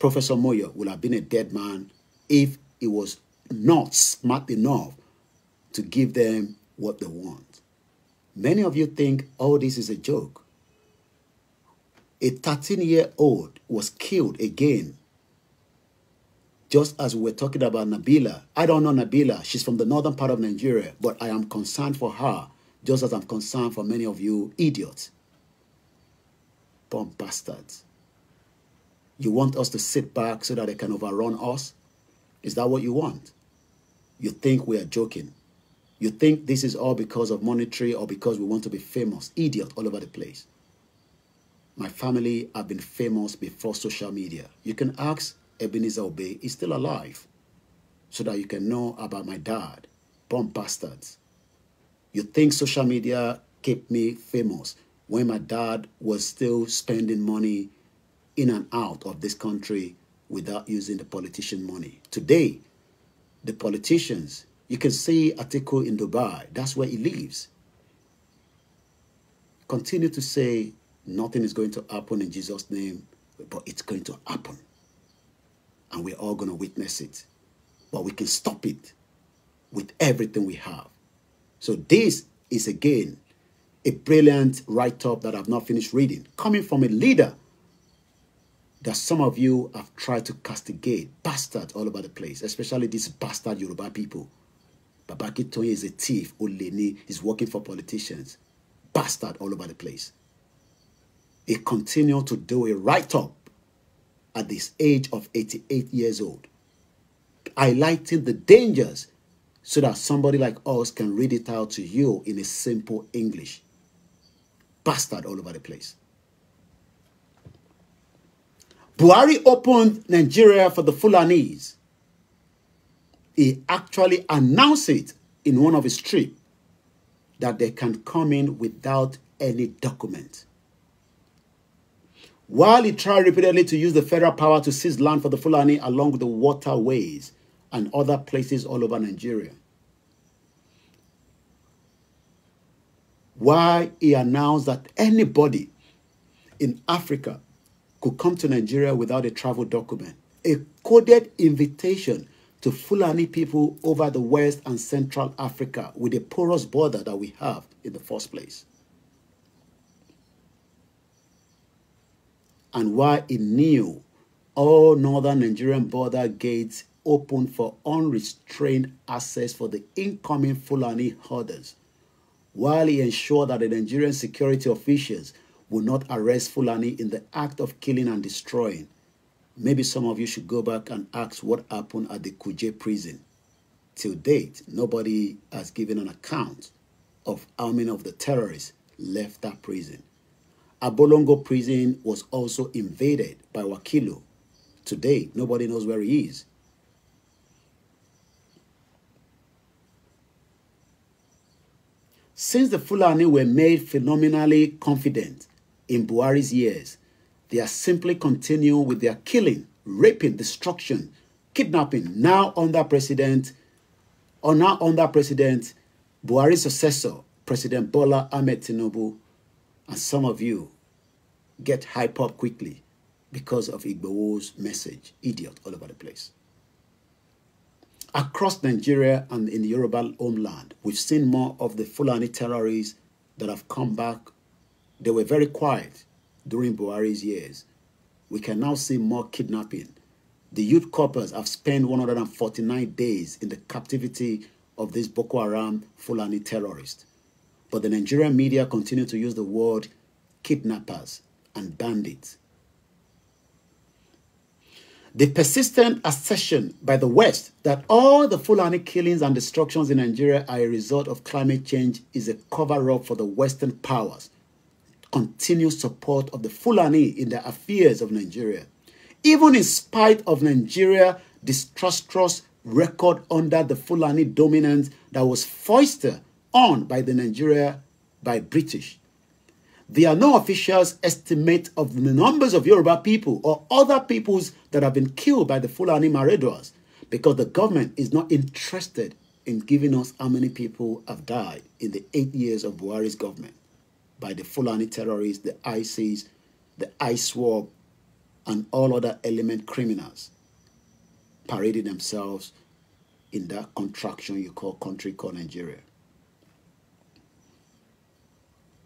Professor Moyo would have been a dead man if he was not smart enough to give them what they want. Many of you think, oh, this is a joke. A 13 year old was killed again. Just as we were talking about Nabila. I don't know Nabila. She's from the northern part of Nigeria, but I am concerned for her, just as I'm concerned for many of you idiots. Bomb bastards. You want us to sit back so that they can overrun us? Is that what you want? You think we are joking? You think this is all because of monetary or because we want to be famous. Idiot all over the place. My family have been famous before social media. You can ask Ebenezer Obey, he's still alive, so that you can know about my dad. Bomb bastards. You think social media kept me famous when my dad was still spending money in and out of this country without using the politician money. Today, the politicians you can see Atiku in Dubai. That's where he lives. Continue to say, nothing is going to happen in Jesus' name, but it's going to happen. And we're all going to witness it. But we can stop it with everything we have. So this is, again, a brilliant write-up that I've not finished reading. Coming from a leader that some of you have tried to castigate, bastard all over the place, especially these bastard Yoruba people. Baba Akintoye is a thief. Oleni is working for politicians. Bastard all over the place. He continued to do a write-up at this age of 88 years old, highlighting the dangers so that somebody like us can read it out to you in a simple English. Bastard all over the place. Buhari opened Nigeria for the Fulanese he actually announced it in one of his trips that they can come in without any document. While he tried repeatedly to use the federal power to seize land for the Fulani along the waterways and other places all over Nigeria, why he announced that anybody in Africa could come to Nigeria without a travel document, a coded invitation to Fulani people over the West and Central Africa with the porous border that we have in the first place. And why he knew all northern Nigerian border gates open for unrestrained access for the incoming Fulani herders, while he ensured that the Nigerian security officials would not arrest Fulani in the act of killing and destroying Maybe some of you should go back and ask what happened at the Kuje prison. Till date, nobody has given an account of how many of the terrorists left that prison. Abolongo prison was also invaded by Wakilo. Today, nobody knows where he is. Since the Fulani were made phenomenally confident in Buhari's years, they are simply continuing with their killing, raping, destruction, kidnapping, now under President, or now under President Buhari's successor, President Bola Ahmed Tinubu. And some of you get hyped up quickly because of Igbo's message, idiot, all over the place. Across Nigeria and in the Yoruba homeland, we've seen more of the Fulani terrorists that have come back. They were very quiet during Buhari's years. We can now see more kidnapping. The youth coppers have spent 149 days in the captivity of this Boko Haram Fulani terrorist. But the Nigerian media continue to use the word kidnappers and bandits. The persistent assertion by the West that all the Fulani killings and destructions in Nigeria are a result of climate change is a cover-up for the Western powers continued support of the Fulani in the affairs of Nigeria, even in spite of Nigeria's disastrous record under the Fulani dominance that was foisted on by the Nigeria by British. There are no official estimate of the numbers of Yoruba people or other peoples that have been killed by the Fulani marauders because the government is not interested in giving us how many people have died in the eight years of Buhari's government by the Fulani terrorists, the ISIS, the ISWAP, and all other element criminals parading themselves in that contraction you call country called Nigeria.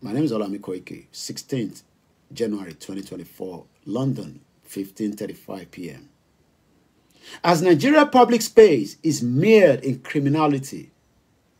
My name is Olami Koike, 16th January 2024, London, 15.35 p.m. As Nigeria public space is mired in criminality,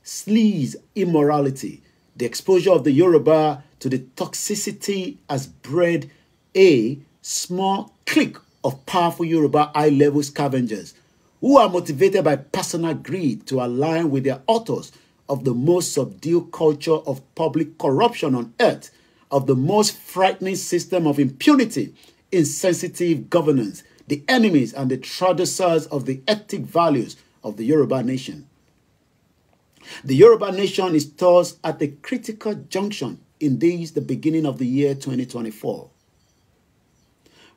sleaze, immorality, the exposure of the Yoruba to the toxicity has bred a small clique of powerful Yoruba high-level scavengers who are motivated by personal greed to align with their authors of the most subdued culture of public corruption on earth, of the most frightening system of impunity, insensitive governance, the enemies and the traducers of the ethic values of the Yoruba nation. The Yoruba nation is thus at a critical junction in this, the beginning of the year 2024.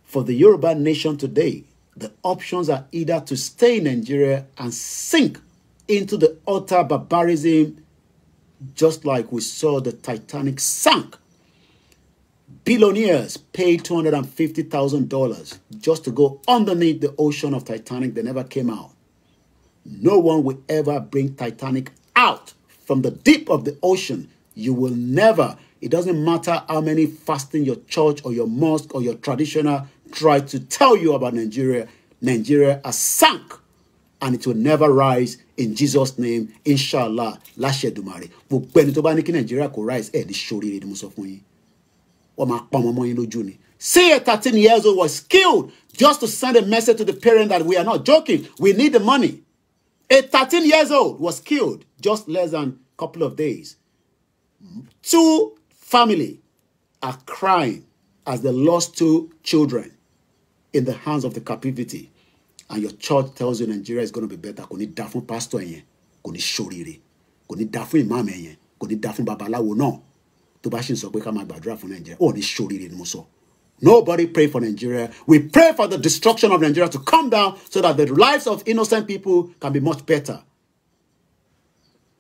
For the Yoruba nation today, the options are either to stay in Nigeria and sink into the utter barbarism, just like we saw the Titanic sunk. Billionaires paid $250,000 just to go underneath the ocean of Titanic. They never came out. No one will ever bring Titanic out from the deep of the ocean, you will never, it doesn't matter how many fasting your church or your mosque or your traditional try to tell you about Nigeria, Nigeria has sunk and it will never rise in Jesus name inshallah láṣẹ Èdùmàrè gbogbo ẹni tó bá ní kí Nàìjíríà kò rise ẹ̀ ní ṣoríire ni mo sọ fún yín wọ́n máa pa ọmọ ọmọ yín lójú ni. say a thirteen years old was killed just to send a message to the parent that we are not joking we need the money. A 13 years old was killed just less than a couple of days. Two family are crying as they lost two children in the hands of the captivity. And your church tells you Nigeria is going to be better. Kò ní dá fún pastor yẹn, kò ní ṣoríire, kò ní dá fún imam yẹn, kò ní dá fún babaláwo náà. Tó bá ṣì Nigeria, Oh, ní ṣoríire ni mo Nobody pray for Nigeria. We pray for the destruction of Nigeria to come down so that the lives of innocent people can be much better.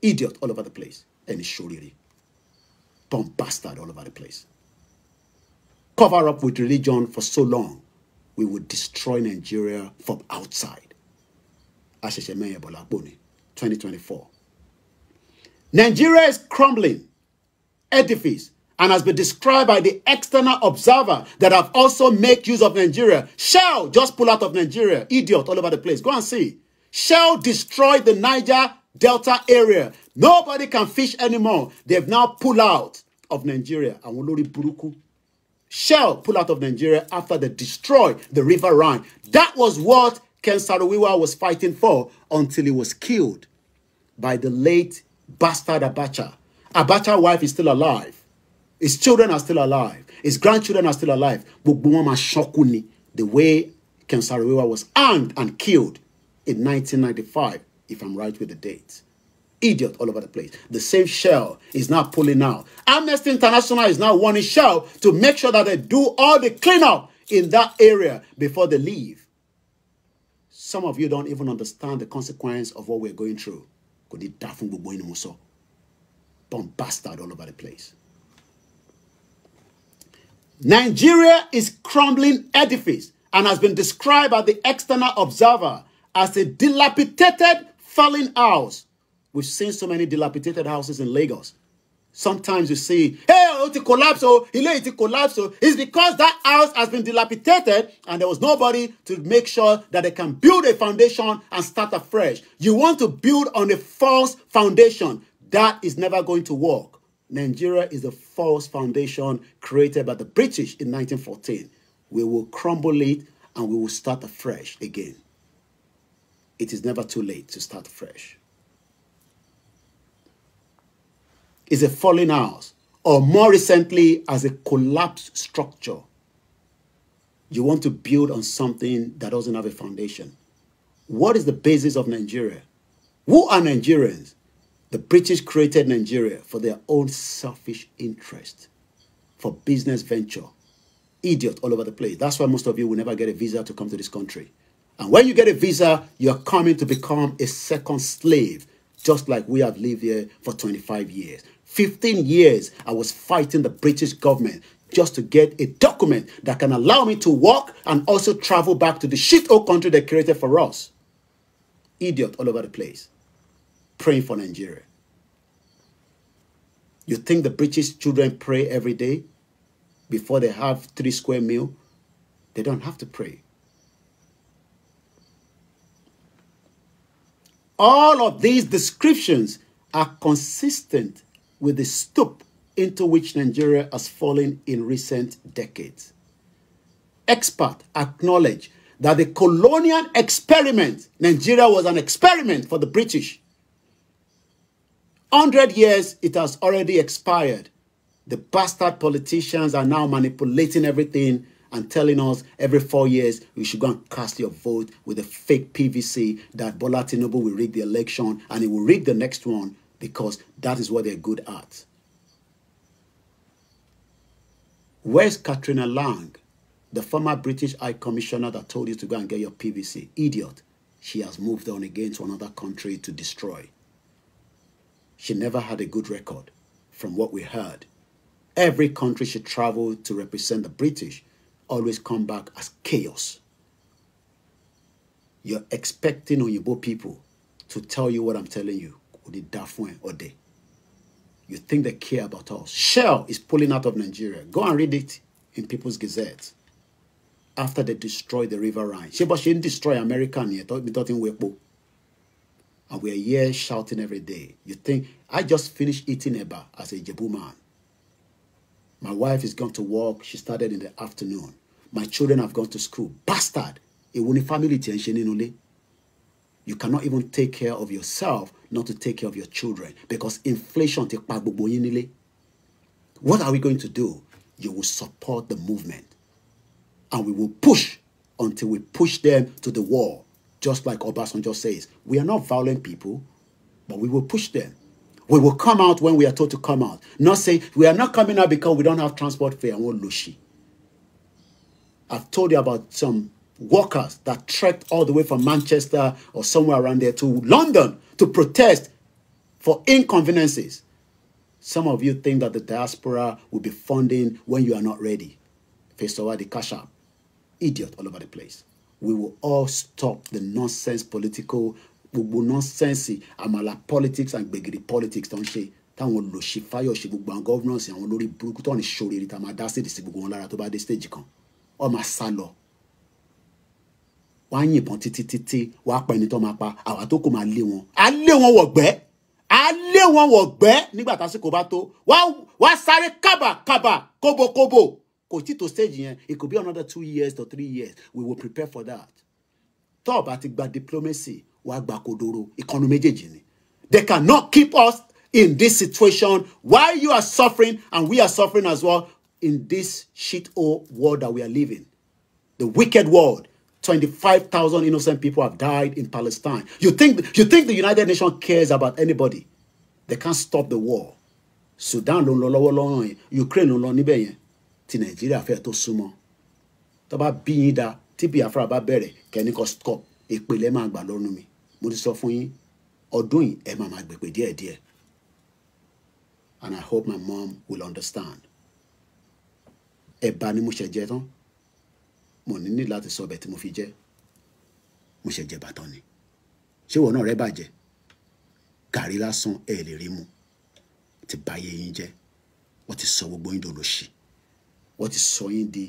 Idiot all over the place. And surely, Dumb bastard all over the place. Cover up with religion for so long. We will destroy Nigeria from outside. Asheshe Bola 2024. Nigeria is crumbling. Edifice and has been described by the external observer that have also make use of Nigeria. Shell just pull out of Nigeria. Idiot all over the place. Go and see. Shell destroyed the Niger Delta area. Nobody can fish anymore. They've now pulled out of Nigeria. And Olori Buruku. Shell pull out of Nigeria after they destroyed the River Rhine. That was what Ken Sarawiwa was fighting for until he was killed by the late bastard Abacha. Abacha's wife is still alive his children are still alive his grandchildren are still alive but wọn máa the way Ken Saro-Wiwa was hanged and killed in 1995 if I'm right with the date idiot all over the place. The same shell is now pulling out. Amnesty International is now warning Shell to make sure that they do all the cleanup in that area before they leave. Some of you don't even understand the consequence of what we're going through. bastard all over the place. Nigeria is crumbling edifice and has been described by the external observer as a dilapidated falling house. We've seen so many dilapidated houses in Lagos. Sometimes you see, hey, it collapsed, oh, it collapsed. Oh. It's because that house has been dilapidated and there was nobody to make sure that they can build a foundation and start afresh. You want to build on a false foundation. That is never going to work. Nigeria is a false foundation created by the British in 1914. We will crumble it and we will start afresh again. It is never too late to start afresh. It's a falling house, or more recently, as a collapsed structure. You want to build on something that doesn't have a foundation. What is the basis of Nigeria? Who are Nigerians? The British created Nigeria for their own selfish interest, for business venture. Idiot all over the place. That's why most of you will never get a visa to come to this country. And when you get a visa, you're coming to become a second slave, just like we have lived here for 25 years. 15 years, I was fighting the British government just to get a document that can allow me to work and also travel back to the shit old country they created for us. Idiot all over the place praying for Nigeria. You think the British children pray every day before they have three square meal? They don't have to pray. All of these descriptions are consistent with the stoop into which Nigeria has fallen in recent decades. Experts acknowledge that the colonial experiment, Nigeria was an experiment for the British, 100 years, it has already expired. The bastard politicians are now manipulating everything and telling us every four years we should go and cast your vote with a fake PVC that Bola will rig the election and he will rig the next one because that is what they're good at. Where's Katrina Lang, the former British High Commissioner that told you to go and get your PVC? Idiot. She has moved on again to another country to destroy she never had a good record, from what we heard. Every country she traveled to represent the British always come back as chaos. You're expecting Onyibo people to tell you what I'm telling you. You think they care about us. Shell is pulling out of Nigeria. Go and read it in People's Gazette. After they destroy the river Rhine. She but she didn't destroy America. And we are here shouting every day. You think, I just finished eating Eba as a Jebu man. My wife is gone to work. She started in the afternoon. My children have gone to school. Bastard! family You cannot even take care of yourself not to take care of your children because inflation What are we going to do? You will support the movement and we will push until we push them to the wall just like Obasanjo says, we are not violent people, but we will push them. We will come out when we are told to come out. Not saying we are not coming out because we don't have transport fare and Lushi. I've told you about some workers that trekked all the way from Manchester or somewhere around there to London to protest for inconveniences. Some of you think that the diaspora will be funding when you are not ready. Face over the cash out. Idiot all over the place. we will all stop the nonsense political gbogbo nonsense amala politics and gbègìrì politics tó ń ṣe táwọn lòṣì fáyọ̀ṣe gbogbo àwọn governance. àwọn lórí burúkú tó ní ṣòrèrè tá a máa dá sí ìdìsí gbogbo wọn lára tó bá dé stage kan ọ máa sá lọ wọ́n á yìnbọn títí títí wọ́n á pa ẹni tó máa pa àwa tó kò máa lé wọn á lé wọn wọ̀gbẹ́ á lé wọn wọ̀gbẹ́ nígbà tásìkò bá tó wọ́n á sáré kábàkábà kóbókóbó kò stage yẹn it could be another two years or three years we will prepare for that tó bá ti gba diplomacy wàá gba kodoro ìkànnì méjèèjì ni they cannot keep us in this situation while you are suffering and we are suffering as well in this shit hole world that we are living the wicked world Twenty-five thousand innocent people have died in Palestine. You think, you think the United Nations cares about anybody? They can't stop the war. Sudan ló ń lọ lọ́wọ́ yẹn. Ukraine ló ń lọ níbẹ̀ yẹn ti nàìjíríà fẹ́ tó súnmọ́ tó bá bí yín da tí biafra bá bẹ̀rẹ̀ kẹ́ni stop ìpìlẹ̀ máa gbà lọ́nu mi mo ti sọ fún yín ọdún yìí ẹ máa máa gbègbè díẹ̀díẹ̀ and I hope my mom will understand ẹ̀bà ni mo ṣẹ̀ jẹ tán mo ní ní láti sọ ọbẹ̀ tí mo fi jẹ mo ṣẹ̀ jẹ bàtán ni ṣé ìwọ náà rẹ bàjẹ́ gàrí lásán ẹ lè rí mu ti báyé yín jẹ́ wọ́n ti sọ gbogbo yín dòlóṣì wọ́n ti sọ yín di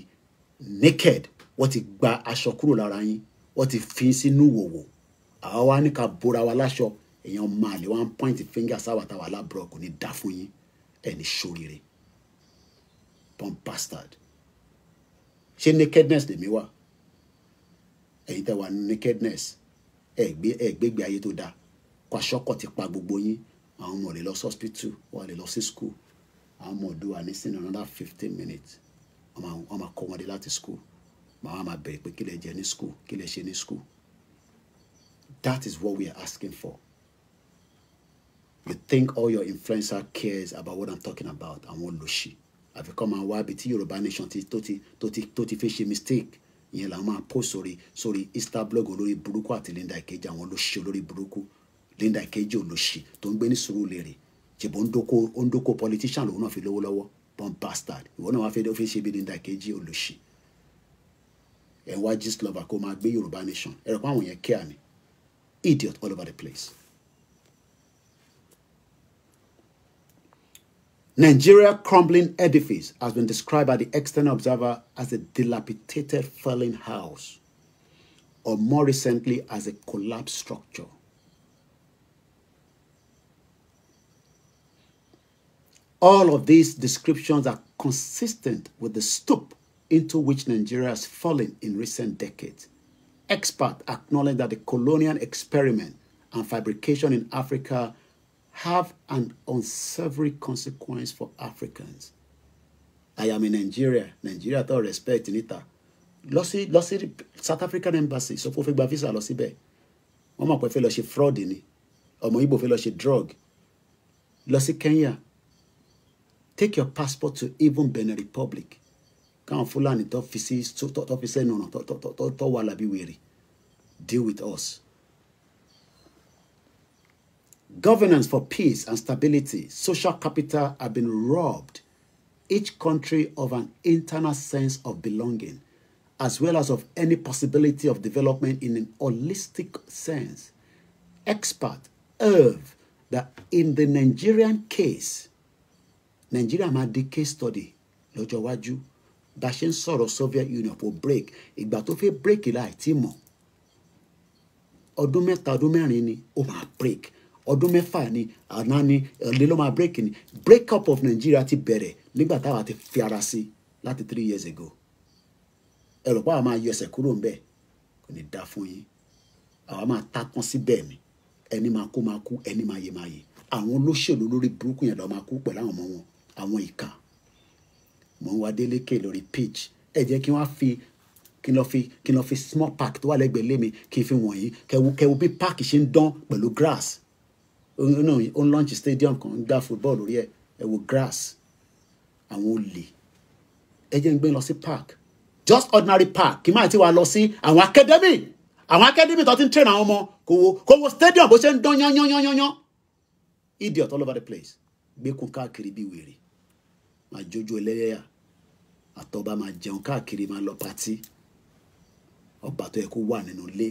naked wọ́n ti gba aṣọ kúrò lára yín wọ́n ti fi sínú wòwò àwa wá ní ká bora wa láṣọ èèyàn máa lè one point finger sáwàtàwà lábúrò kò ní dá fún yín ẹni ṣoríire pump bastard ṣé nakedness lèmi wà ẹ̀yin tẹ́ wà ní nakedness ẹ̀ gbé ẹ̀ gbégbé ayé tó dáa kó aṣọ́kọ̀ ti pa gbogbo yín àwọn ọmọ rẹ̀ lọ sí hospital wọ́n lè lọ sí school àwọn ọmọ ọdún wa ní sínú another fifteen minutes wọ́n máa kọ́ wọn dé láti school màá máa bẹ̀rẹ̀ pé kí lẹ jẹ ní school kí lẹ ṣe ní school that is what we are asking for you think all your influencer cares about what i'm talking about àwọn olóṣì àfikún máa wá ibi tí yorùbá nation ti tó ti tó ti tó ti fi ṣe mistake ìyẹn làwọn máa post sórí sórí insta blog olórí burúkú àti linda ìkejì àwọn olóṣì olórí burúkú linda ìkejì olóṣì tó ń gbé ní sùúrù lèrè jìbọn ń dóko ó ń dóko politician lòun náà fi lówó lọ́wọ́ born bastard ìwọ náà wàá fẹ́ ó fi ṣe ibi nígbà kejì olùṣì ẹ̀ ń wá gist lover kó máa gbé yorùbá nation ẹ̀rọ pa àwọn yẹn kíá ni idiot all over the place. Nigeria crumbling edifice has been described by the external observer as a dilapidated falling house, or more recently as a collapsed structure. All of these descriptions are consistent with the stoop into which Nigeria has fallen in recent decades. Experts acknowledge that the colonial experiment and fabrication in Africa have an unsavory consequence for Africans. I am in Nigeria. Nigeria tó respect in it. sí lọ South African embassy So, pé ó fẹ́ visa lọ síbẹ̀. Mama, mọ̀ pé fẹ́ lọ ṣe fraud ni. Ọmọ Igbo fẹ́ lọ ṣe drug. Lọ Kenya take your passport to even Benin Republic káwọn Fúlàní tó fi sí tó fi sẹ́nu ọ̀nà tó wà lábí wèrè deal with us. Governance for peace and stability, social capital have been robbed each country of an internal sense of belonging, as well as of any possibility of development in an holistic sense. Experts urge that in the Nigerian case, nàìjíríà máa di case study lọ́jọ́ iwájú bá a ṣe ń sọ̀rọ̀ Soviet Union for break ìgbà tó fẹ́ break láì tí mọ̀ ọdún mẹ́ta ọdún mẹ́rin ni ó máa break ọdún mẹ́fà ni àná ni ọ̀lẹ́ ló máa break ni break up of Nigeria ti bẹ̀rẹ̀ nígbà táwa ti fi ara sí láti three years ago ẹ̀rọ pa àwọn máa yọ ẹsẹ̀ kúrò ńbẹ̀ kò ní dá fún yín àwa máa takán síbẹ̀ ni ẹni máa kú máa kú ẹni máa yè máa yè àwọn olóṣèlú lórí burúkú yẹn lọ́ọ́ máa kú pẹ̀lú àwọn ọmọ wọn àwọn ìka mò ń wá délékè lórí pitch ẹ jẹ́ kí wọ́n fi kí n lọ fi kí n lọ fi small park tó wà lẹ́gbẹ̀ẹ́ lé mi kí n fi wọ̀nyí kẹwu kẹwu bí park ṣe ń dán pẹ̀lú grass náà ó ń launch stadium kan ń gbá football lórí ẹ ẹ wo grass àwọn olè ẹ jẹ́ ń gbé lọ sí park just ordinary park kí n máa ti wá lọ sí àwọn academy àwọn academy tó ti ń train àwọn ọmọ kò wo kò wo stadium bó ṣe ń dán yán yán yán yán idiot all over the place gbé kún káàkiri bí wèrè máa jójó ẹlẹ́yà àtọba máa jẹun káàkiri máa lọ patí ọba tó yẹ kó wà nínú ilé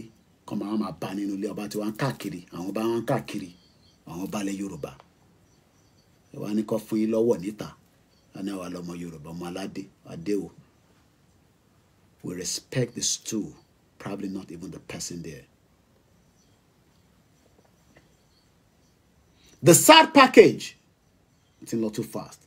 kọ́ máa máa bá nínú ilé ọba tí wọ́n káàkiri àwọn ọba wọn káàkiri àwọn balẹ̀ Yorùbá ẹ wá ní fún yín lọ́wọ́ níta wọn ní àwa Yorùbá ọmọ aládé adéwò we respect the stool probably not even the person there. The sad package, it's not too fast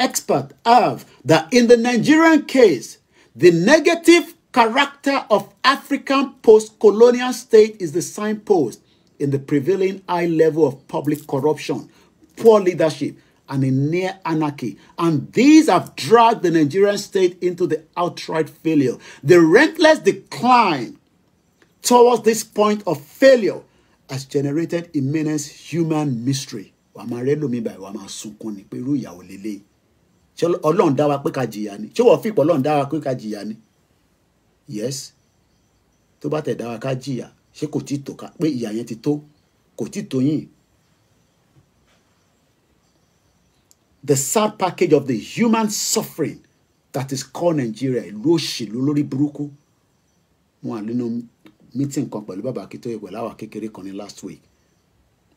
experts have that in the Nigerian case, the negative character of African post-colonial state is the signpost in the prevailing high level of public corruption, poor leadership, and a near anarchy. And these have dragged the Nigerian state into the outright failure. The relentless decline towards this point of failure has generated immense human misery. wàá báyìí wàá sunkún ni pé irú ìyàwó lélẹ́yìí ṣé ọlọ́run dá wa pé ká jìyà ni ṣé wọ́n fìpọ̀ ọlọ́run dá wa pé ká jìyà ni yes tó bá tẹ̀ dá wa ká jìyà ṣé kò tí tó ká pé ìyà yẹn ti tó kò tí tó yìn. the sad package of the human suffering that is called Nigeria ìlú òṣèlú lórí burúkú wọn à nínú meeting kan pẹ̀lú bàbá Akíntóyè pẹ̀lú àwọn kékeré kan ní last week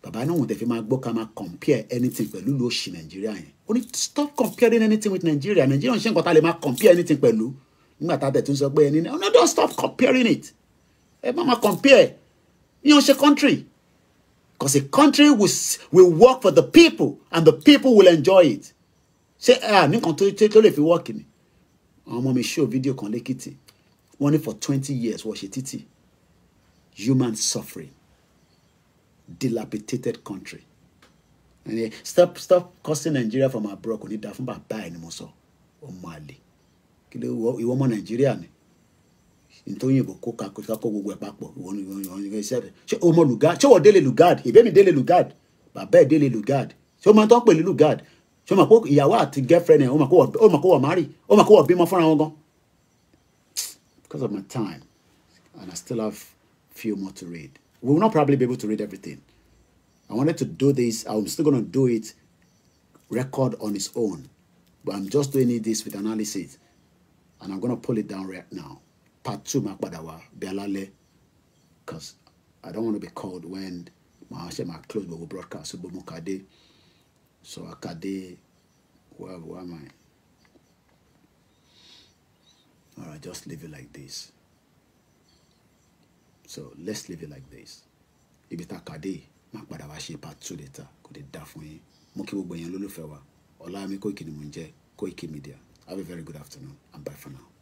bàbá náà wọn tẹ̀ fi máa gbọ́ ká máa compare anything pẹ̀lú ìlú òṣì Nàìjíríà yẹn o ní stop comparing anything with Nigeria Nigeria ń ṣe nǹkan tá a lè compare anything pẹ̀lú nígbà tá a tẹ̀tún sọ pé ẹni náà no don't stop comparing it ẹ má máa compare yíyan ṣe country because a country will, will work for the people and the people will enjoy it ṣé ẹ à nìkan tó tó lè fi work ni àwọn ọmọ mi ṣó fídíò kan lẹ́kìtì wọ́n ní for twenty years wọ́n ṣe títì human suffering dilapidated country stop stop causing Nigeria from abroad kò ní da fún bàbá ẹ ni mo sọ ọmọ àlè kí ló ìwọ ọmọ Nàìjíríà ni ntóyìnbó kó kakó kakó gbogbo ẹ papọ̀ ìwọ ni ìwọ ni iṣẹ́ rẹ ṣé ọmọ lugard ṣé wọ́n délé lugard ìbémi délé lugard bàbá ẹ délé lugard ṣé ọmọ tó ń pèlú lugard ṣé ọmọ kó ìyàwó àti girlfriend ẹ ọmọ kó wọ mari ọmọ kó wọ bímọ fúnra wọn gan because of my time and I still have few more to read we will not probably be able to read everything I wanted to do this. I'm still going to do it record on its own. But I'm just doing it this with analysis. And I'm going to pull it down right now. Part 2 Makbadawa, Belale. Because I don't want to be called when my my clothes will broadcast. So, Mukade. So, Akade. Where, where am I? All right, just leave it like this. So, let's leave it like this. Ibita akade. máa padà wá ṣe part two later kò dé dá fún yín mo kí gbogbo èèyàn lólùfẹ́ wa Ọláyẹmí Kóìkì ni mò ń jẹ́ Koiki Media have a very good afternoon and bye for now.